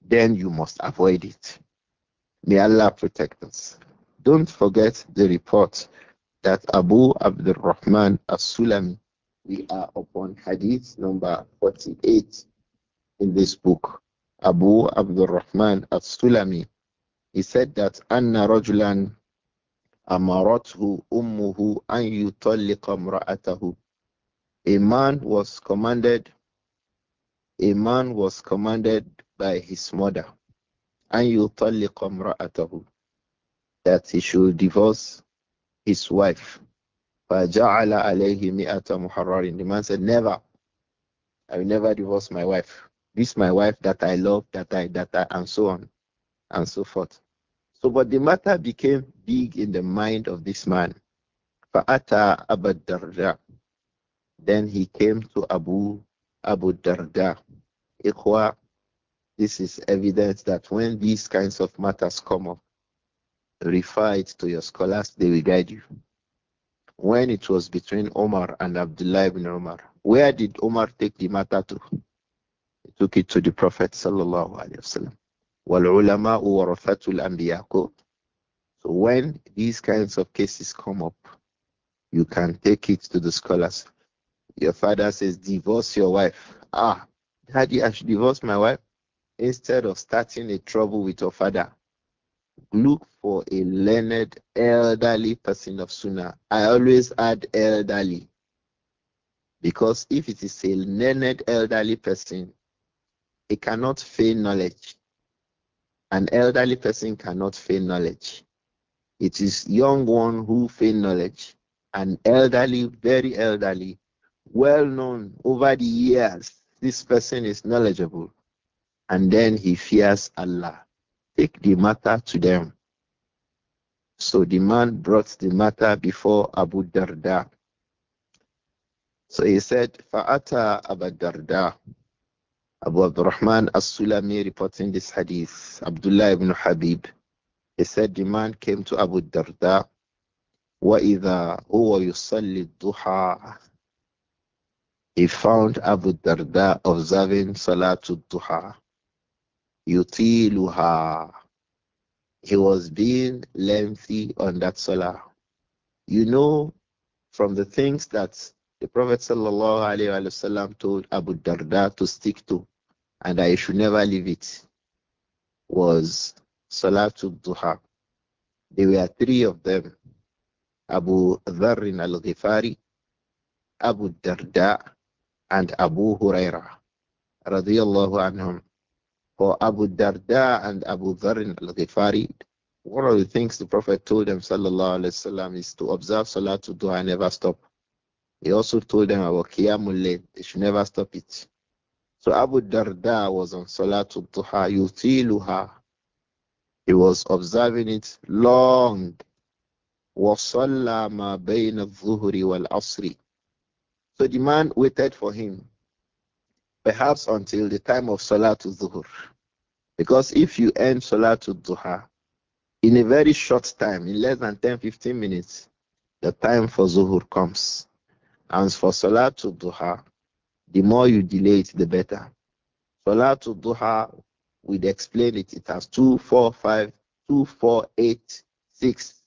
Then you must avoid it. May Allah protect us. Don't forget the report that Abu Abdul Rahman As-Sulami. We are upon hadith number 48 in this book. Abu Abdul Rahman As-Sulami. He said that Anna Rajulan Amaratu Ummuhu An Yutalliqa Mra'atahu. A man was commanded a man was commanded by his mother أن يطلق امرأته that he should divorce his wife. فَجَعَلَ عَلَيْهِ مِئَةَ مُحَرَّرٍ The man said, never. I will never divorce my wife. This my wife that I love, that I, that I, and so on, and so forth. So, but the matter became big in the mind of this man. فَأَتَى أَبَا الدَّرْدَى Then he came to Abu, Abu Darda. Ikhwa, this is evidence that when these kinds of matters come up, refer it to your scholars, they will guide you. When it was between Omar and Abdullah ibn Omar, where did Omar take the matter to? He took it to the Prophet sallallahu alaihi wasallam. وَالْعُلَمَاءُ وَرَفَةُ So when these kinds of cases come up, you can take it to the scholars. Your father says, divorce your wife. Ah, daddy, I should divorce my wife? Instead of starting a trouble with your father, Look for a learned elderly person of Sunnah. I always add elderly because if it is a learned elderly person, it cannot fail knowledge. An elderly person cannot fail knowledge. It is young one who fail knowledge. An elderly, very elderly, well known over the years, this person is knowledgeable. And then he fears Allah take the matter to them. So the man brought the matter before Abu Darda. So he said, Fa'ata Abu Darda. Abu Abdurrahman As-Sulami reporting this hadith, Abdullah ibn Habib. He said the man came to Abu Darda. وَإِذَا huwa يُصَلِّ duha. He found Abu Darda observing Salatul Duha. Yutiluha. He was being lengthy on that salah. You know, from the things that the Prophet وسلم, told Abu Darda to stick to, and I should never leave it, was Salatul Duha. There were three of them Abu Dharrin al Ghifari, Abu Darda, and Abu Huraira. Radiallahu anhum or Abu Darda and Abu Dharr al-Ghifari, one of the things the Prophet told them sallallahu alayhi wasallam is to observe salah to dua and never stop. He also told them about Qiyamul Layl, they should never stop it. So Abu Darda was on Salatul Duha, Yutiluha. He was observing it long. وَصَلَّى مَا بَيْنَ الظُّهْرِ وَالْعَصْرِ So the man waited for him perhaps until the time of Salatul zuhur Because if you end Salatul Duha in a very short time, in less than 10 15 minutes, the time for Zuhur comes. And for Salatul Duha, the more you delay it, the better. Salatul Duha, we'd explain it. It has 2, 4, 5, 2, 4, 8, 6,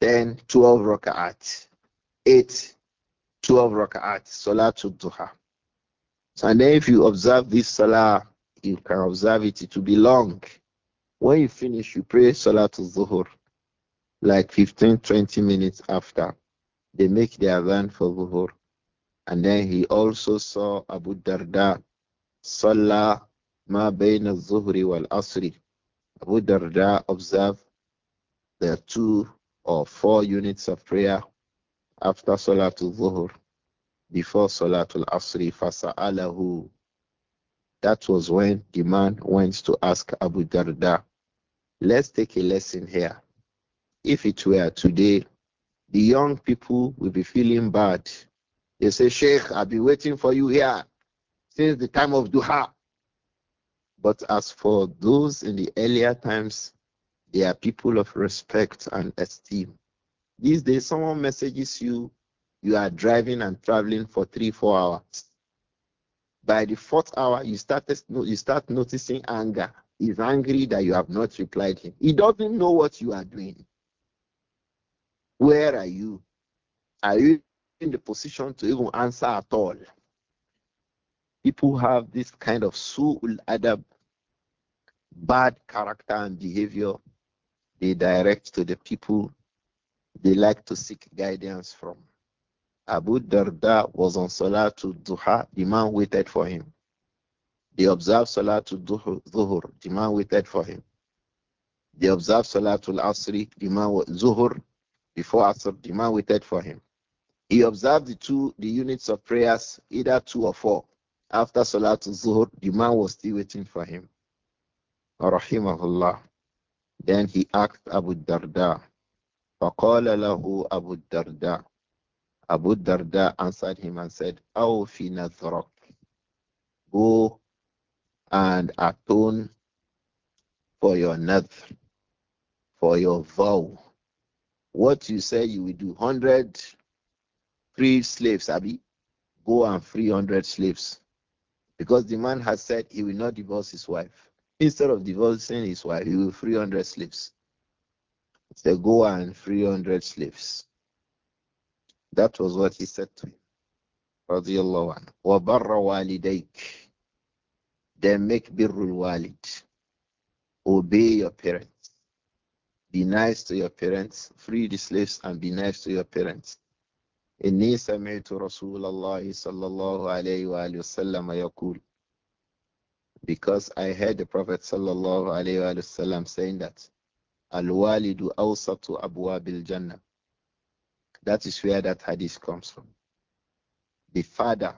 10, 12 raka'at. 8, 12 raka'at. Salatul Duha and then if you observe this salah, you can observe it, to be long. When you finish, you pray salah to zuhur, like 15, 20 minutes after. They make their adhan for zuhur. And then he also saw Abu Darda, salah ma al zuhri wal asri. Abu Darda observed the two or four units of prayer after salah to Zuhur before Salatul Asri Fasa'alahu. That was when the man went to ask Abu Darda. Let's take a lesson here. If it were today, the young people will be feeling bad. They say, Sheikh, I've been waiting for you here since the time of Duha. But as for those in the earlier times, they are people of respect and esteem. These days, someone messages you you are driving and traveling for three, four hours. By the fourth hour, you start, you start noticing anger. He's angry that you have not replied him. He doesn't know what you are doing. Where are you? Are you in the position to even answer at all? People have this kind of su'ul adab, bad character and behavior they direct to the people they like to seek guidance from. Abu Darda was on Salatul Duha, the man waited for him. They observed Salatul Zuhur, the man waited for him. They observed Salatul Asri, the man Zuhur, before Asr, the man waited for him. He observed the two, the units of prayers, either two or four. After Salatul Zuhur, the man was still waiting for him. Rahimahullah. Then he asked Abu Darda. فقال له أبو الدرداء Abu Darda answered him and said, Aw fi nathrak. Go and atone for your nath, for your vow. What you say you will do, 100 free slaves, Abi, go and free 100 slaves. Because the man has said he will not divorce his wife. Instead of divorcing his wife, he will free 100 slaves. So go and free 100 slaves. That was what he said to him. Radiallahu anhu. وَبَرَّ وَالِدَيْكِ Then make birrul walid. Obey your parents. Be nice to your parents. Free the slaves and be nice to your parents. إني سمعت رسول الله صلى الله عليه وآله وسلم يقول because I heard the Prophet sallallahu alayhi wa sallam saying that Al-walidu awsatu abwabil jannah that is where that hadith comes from. The father,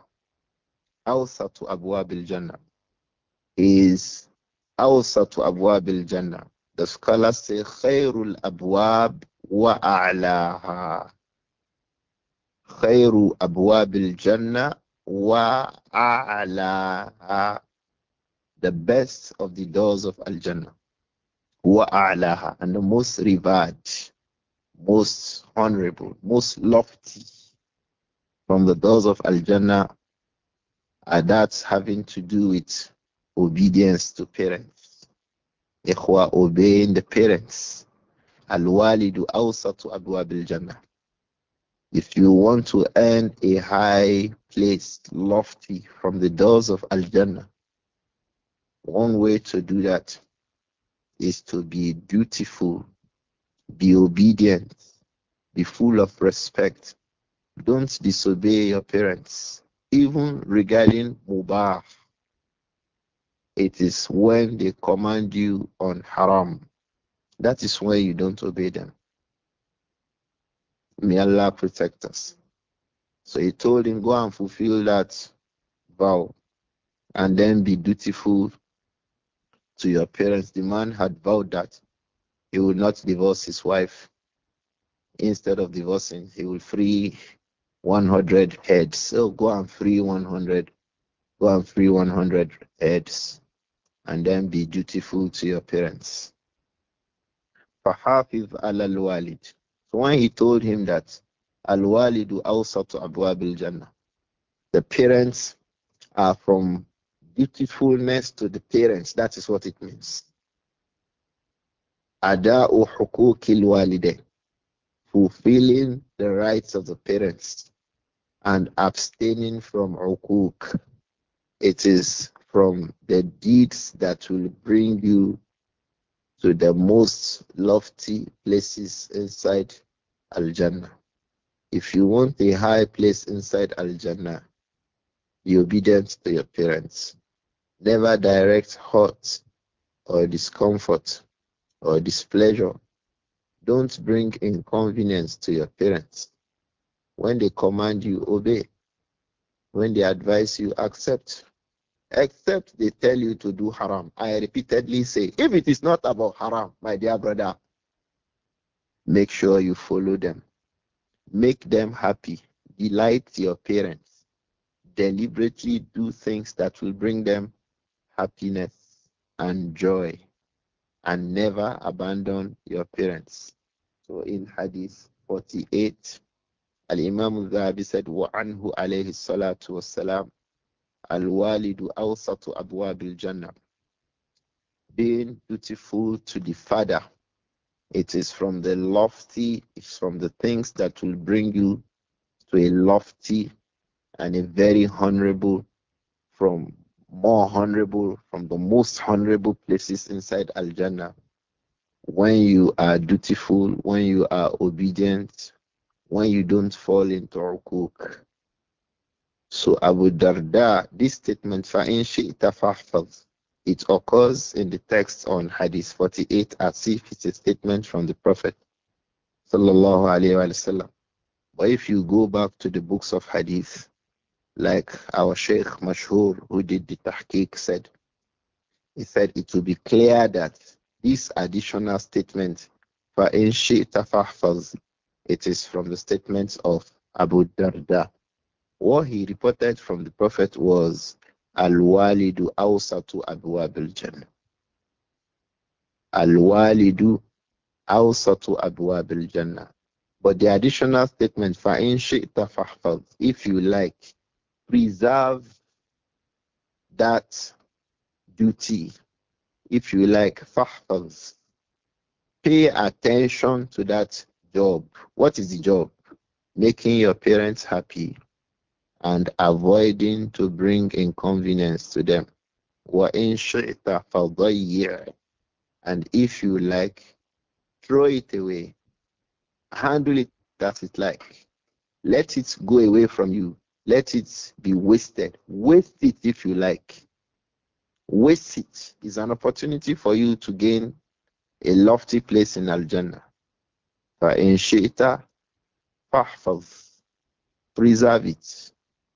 also to Abwabil Jannah, is also to Abwabil Jannah. The scholars say Khairul Abwab wa A'laha. Khairu Abwabil Jannah wa A'laha. The best of the doors of Al Jannah wa A'laha and the most revered most honorable, most lofty from the doors of Al Jannah are that having to do with obedience to parents. Ikhwa obeying the parents. Al walidu awsatu abwabil Jannah. If you want to earn a high place, lofty from the doors of Al Jannah, one way to do that is to be dutiful be obedient. Be full of respect. Don't disobey your parents, even regarding mubah. It is when they command you on haram. That is when you don't obey them. May Allah protect us. So he told him, Go and fulfill that vow and then be dutiful to your parents. The man had vowed that he will not divorce his wife. Instead of divorcing, he will free 100 heads. So go and free 100. Go and free 100 heads. And then be dutiful to your parents. فحافظ على الوالد. So when he told him that Al-Walidu awsatu abwabil jannah. The parents are from dutifulness to the parents. That is what it means. Ada'u hukukil walidain, fulfilling the rights of the parents and abstaining from hukuk. It is from the deeds that will bring you to the most lofty places inside Al Jannah. If you want a high place inside Al Jannah, be obedient to your parents. Never direct hurt or discomfort or displeasure. Don't bring inconvenience to your parents. When they command you, obey. When they advise you, accept. Except they tell you to do haram. I repeatedly say, if it is not about haram, my dear brother, make sure you follow them. Make them happy. Delight your parents. Deliberately do things that will bring them happiness and joy and never abandon your parents. So in Hadith 48, Al-Imam al-Dhahabi said, وَعَنْهُ Salam al Walidu الْوَالِدُ Abu أَبْوَابِ Jannah, Being dutiful to the father, it is from the lofty, it's from the things that will bring you to a lofty and a very honorable from more honorable, from the most honorable places inside Al Jannah. When you are dutiful, when you are obedient, when you don't fall into ukuk. So Abu Darda, this statement, فَإِنْ شِئْتَ It occurs in the text on Hadith 48 as if it's a statement from the Prophet. Sallallahu Wasallam. But if you go back to the books of Hadith, like our Sheikh Mashur, who did the tahqiq, said, he said it will be clear that this additional statement, فَإِنْ شِئْتَ فَحْفَظْ It is from the statements of Abu Darda. What he reported from the Prophet was, Al-Walidu awsatu abwabil Jannah. Al-Walidu awsatu abwabil Jannah. But the additional statement, فَإِنْ شِئْتَ فَحْفَظْ If you like, preserve that duty, if you like, fahfaz. Pay attention to that job. What is the job? Making your parents happy and avoiding to bring inconvenience to them. And if you like, throw it away. Handle it as it like. Let it go away from you. Let it be wasted. Waste it if you like. Waste it is an opportunity for you to gain a lofty place in Al Jannah. In Shaita, Preserve it.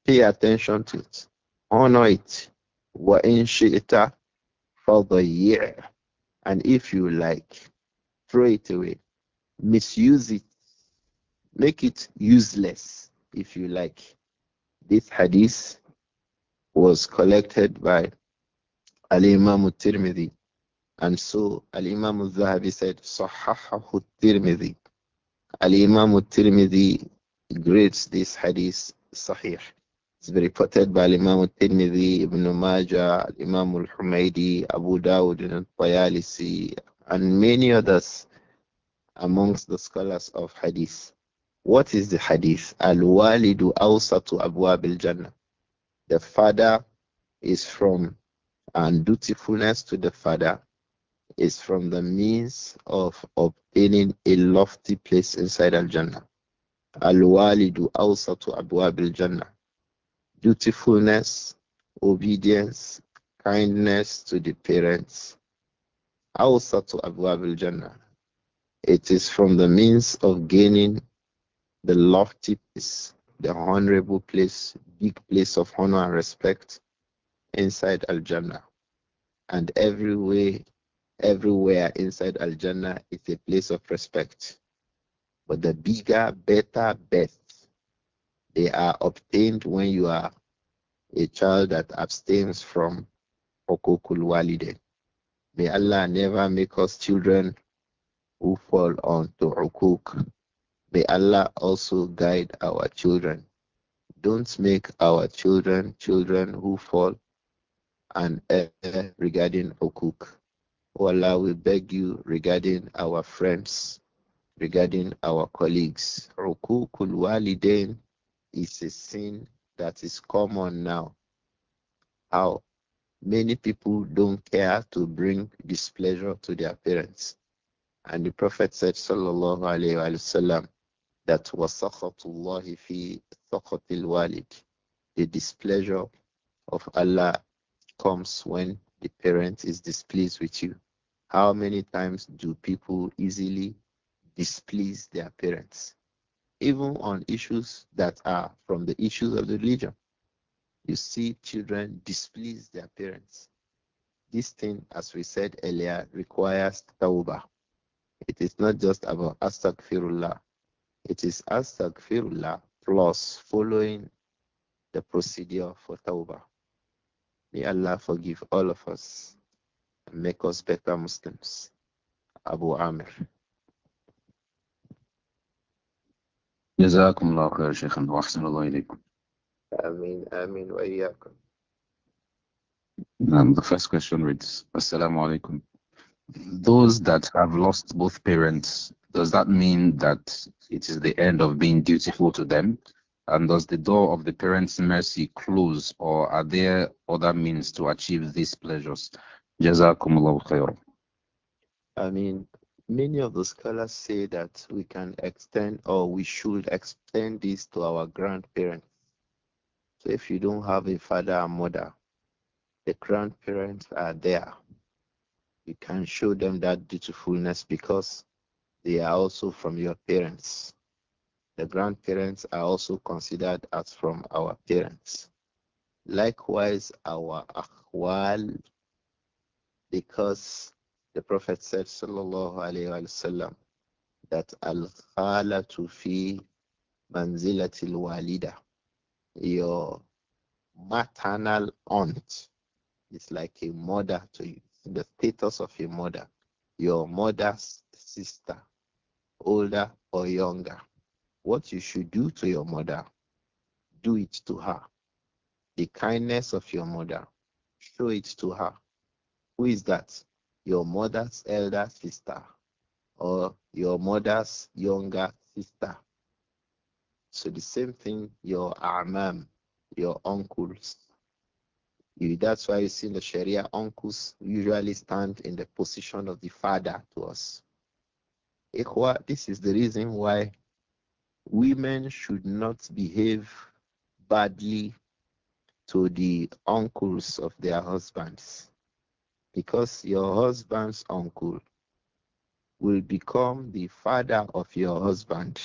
Pay attention to it. Honor it. Wa in Shaita, for the year. And if you like, throw it away. Misuse it. Make it useless if you like. This hadith was collected by Al Imam Tirmidhi. And so Al Imam al Zahabi said, Sahahahu Tirmidhi. Al Imam Tirmidhi grades this hadith Sahih. It's reported by Al Imam Tirmidhi, Ibn Majah, Al Imam al Humaydi, Abu Dawud, and Bayalisi, and many others amongst the scholars of hadith. What is the hadith? Al walidu awsatu abwabil jannah. The father is from, and dutifulness to the father is from the means of obtaining a lofty place inside Al Jannah. Al walidu awsatu abwabil jannah. Dutifulness, obedience, kindness to the parents. Awsatu abwabil jannah. It is from the means of gaining the lofty place, the honorable place, big place of honor and respect inside Al Jannah. And every way, everywhere inside Al Jannah is a place of respect. But the bigger, better, best, they are obtained when you are a child that abstains from Okokul Walide. May Allah never make us children who fall onto Ukuk May Allah also guide our children. Don't make our children children who fall and err regarding Hukuk. O Allah, we beg you regarding our friends, regarding our colleagues. Hukukul walidain is a sin that is common now. How many people don't care to bring displeasure to their parents. And the Prophet said, Sallallahu Alaihi Wasallam, that was sakhatullahi fi sakhatil walid. The displeasure of Allah comes when the parent is displeased with you. How many times do people easily displease their parents? Even on issues that are from the issues of the religion. You see children displease their parents. This thing, as we said earlier, requires tawbah. It is not just about astaghfirullah it is astaghfirullah plus following the procedure for tawbah. May Allah forgive all of us and make us better Muslims. Abu Amir. جزاكم الله خير شيخنا واحسن الله اليكم. آمين آمين وإياكم. Um, the first question reads Assalamu alaikum. Those that have lost both parents does that mean that it is the end of being dutiful to them? And does the door of the parents' mercy close, or are there other means to achieve these pleasures? Jazakumullah khair. I mean, many of the scholars say that we can extend or we should extend this to our grandparents. So if you don't have a father and mother, the grandparents are there. You can show them that dutifulness because they are also from your parents. The grandparents are also considered as from our parents. Likewise, our akhwal, because the Prophet said, Sallallahu Alaihi Wasallam, that al khalatu fi manzilatil walida, your maternal aunt is like a mother to you, the status of a mother, your mother's sister older or younger. What you should do to your mother, do it to her. The kindness of your mother, show it to her. Who is that? Your mother's elder sister or your mother's younger sister. So the same thing, your amam, your uncles. You, that's why you see in the Sharia, uncles usually stand in the position of the father to us this is the reason why women should not behave badly to the uncles of their husbands. Because your husband's uncle will become the father of your husband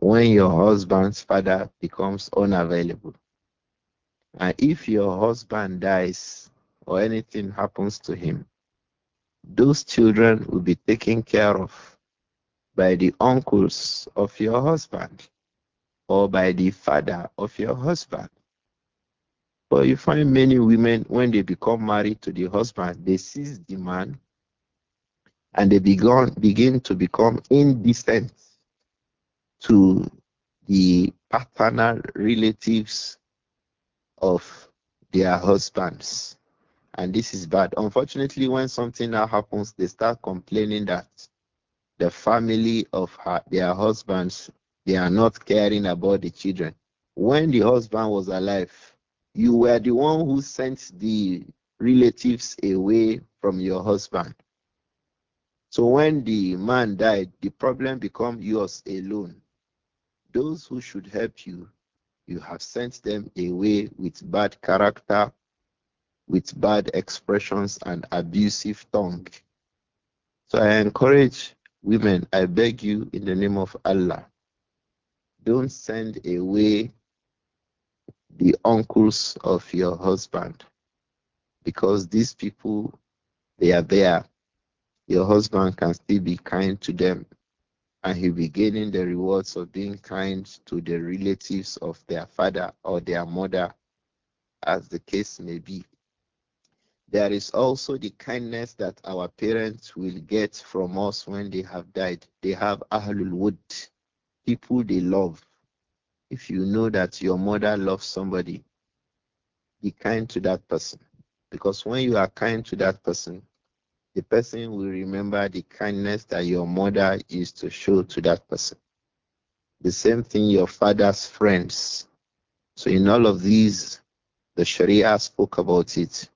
when your husband's father becomes unavailable. And if your husband dies or anything happens to him, those children will be taken care of by the uncles of your husband or by the father of your husband. But you find many women, when they become married to the husband, they seize the man and they began, begin to become indecent to the paternal relatives of their husbands. And this is bad. Unfortunately, when something now happens, they start complaining that the family of her, their husbands, they are not caring about the children. When the husband was alive, you were the one who sent the relatives away from your husband. So when the man died, the problem become yours alone. Those who should help you, you have sent them away with bad character, with bad expressions and abusive tongue. So I encourage Women, I beg you in the name of Allah, don't send away the uncles of your husband because these people, they are there. Your husband can still be kind to them and he'll be gaining the rewards of being kind to the relatives of their father or their mother, as the case may be. There is also the kindness that our parents will get from us when they have died. They have Ahlul wood, people they love. If you know that your mother loves somebody, be kind to that person. Because when you are kind to that person, the person will remember the kindness that your mother used to show to that person. The same thing your father's friends. So in all of these, the Sharia spoke about it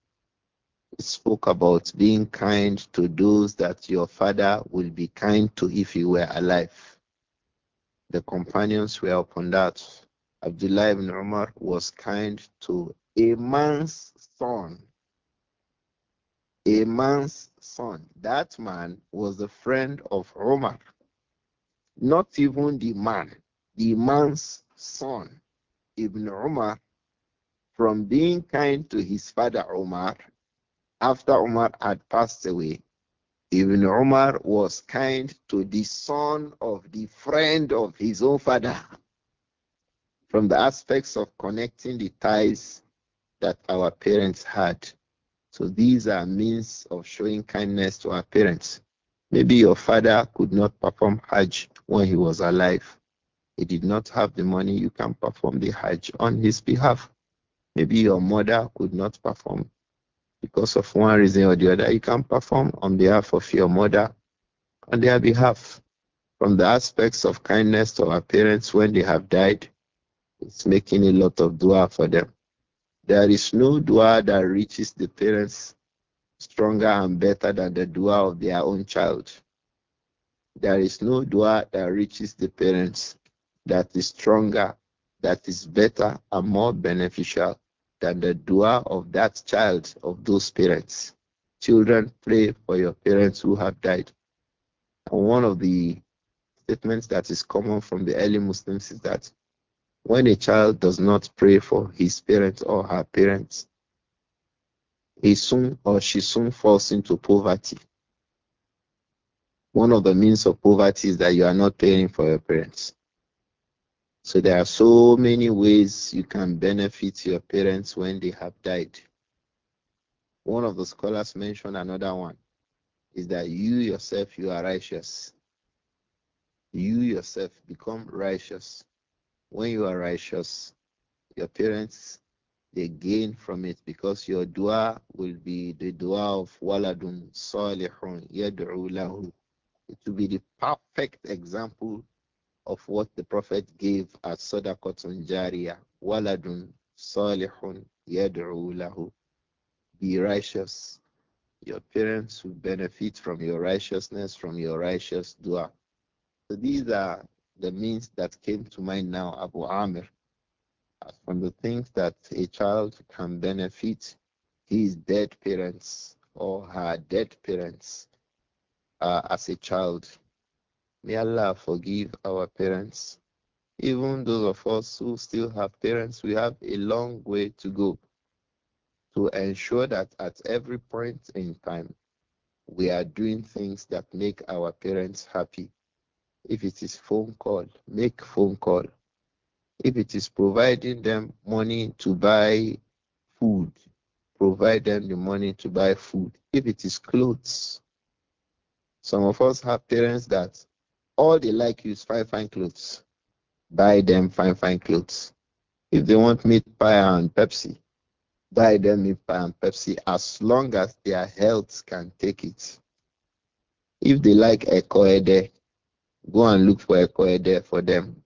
spoke about being kind to those that your father will be kind to if he were alive. The companions were upon that. Abdullah ibn Umar was kind to a man's son. A man's son. That man was a friend of Umar. Not even the man, the man's son, Ibn Umar, from being kind to his father Umar, after Umar had passed away, Ibn Umar was kind to the son of the friend of his own father. From the aspects of connecting the ties that our parents had. So these are means of showing kindness to our parents. Maybe your father could not perform Hajj when he was alive. He did not have the money, you can perform the Hajj on his behalf. Maybe your mother could not perform because of one reason or the other, you can perform on behalf of your mother, on their behalf. From the aspects of kindness to our parents when they have died, it's making a lot of dua for them. There is no dua that reaches the parents stronger and better than the dua of their own child. There is no dua that reaches the parents that is stronger, that is better and more beneficial than the dua of that child, of those parents. Children, pray for your parents who have died. And one of the statements that is common from the early Muslims is that when a child does not pray for his parents or her parents, he soon or she soon falls into poverty. One of the means of poverty is that you are not paying for your parents. So there are so many ways you can benefit your parents when they have died. One of the scholars mentioned another one is that you yourself you are righteous. You yourself become righteous. When you are righteous, your parents they gain from it because your dua will be the dua of waladun salihun yad'u lahu. It will be the perfect example of what the Prophet gave as sadaqatun Jariah, waladun salihun yad'u lahu. Be righteous. Your parents will benefit from your righteousness, from your righteous dua. So these are the means that came to mind now, Abu Amir. From the things that a child can benefit his dead parents or her dead parents uh, as a child May Allah forgive our parents. Even those of us who still have parents, we have a long way to go to ensure that at every point in time, we are doing things that make our parents happy. If it is phone call, make phone call. If it is providing them money to buy food, provide them the money to buy food. If it is clothes, some of us have parents that all they like is fine, fine clothes. Buy them fine, fine clothes. If they want meat pie and Pepsi, buy them meat pie and Pepsi as long as their health can take it. If they like Ekoede, go and look for Ekoede for them.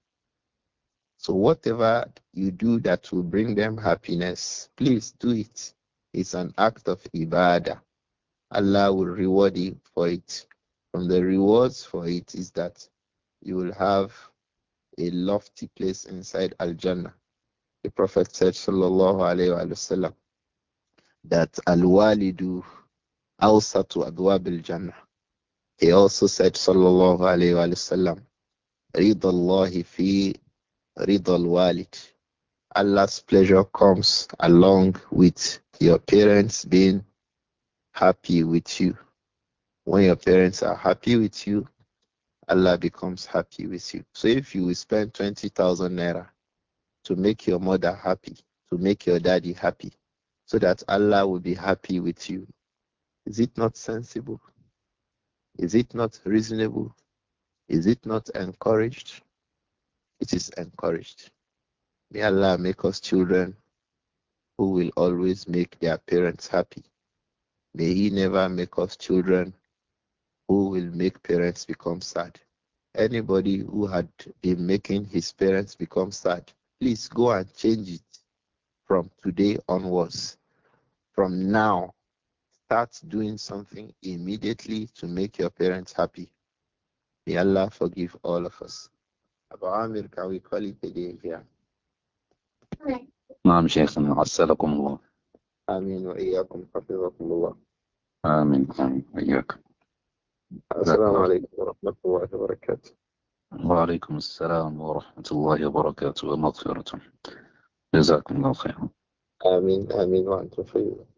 So whatever you do that will bring them happiness, please do it. It's an act of ibadah. Allah will reward you for it. From the rewards for it is that you will have a lofty place inside Al Jannah. The Prophet said, Sallallahu Alaihi Wasallam, that Al Walidu Awsatu adwab Al Jannah. He also said, Sallallahu Alaihi Wasallam, Rid Allahi fi Rid Al Walid. Allah's pleasure comes along with your parents being happy with you. When your parents are happy with you, Allah becomes happy with you. So if you spend 20,000 naira to make your mother happy, to make your daddy happy, so that Allah will be happy with you, is it not sensible? Is it not reasonable? Is it not encouraged? It is encouraged. May Allah make us children who will always make their parents happy. May He never make us children who will make parents become sad. Anybody who had been making his parents become sad, please go and change it from today onwards. From now, start doing something immediately to make your parents happy. May Allah forgive all of us. Abu Amir, can we call it a day here? نعم شيخنا عسلكم الله آمين وإياكم حفظكم الله آمين آمين وإياكم السلام عليكم ورحمة الله وبركاته وعليكم السلام ورحمة الله وبركاته ومغفرته جزاكم الله خيرا آمين آمين وأنتم خير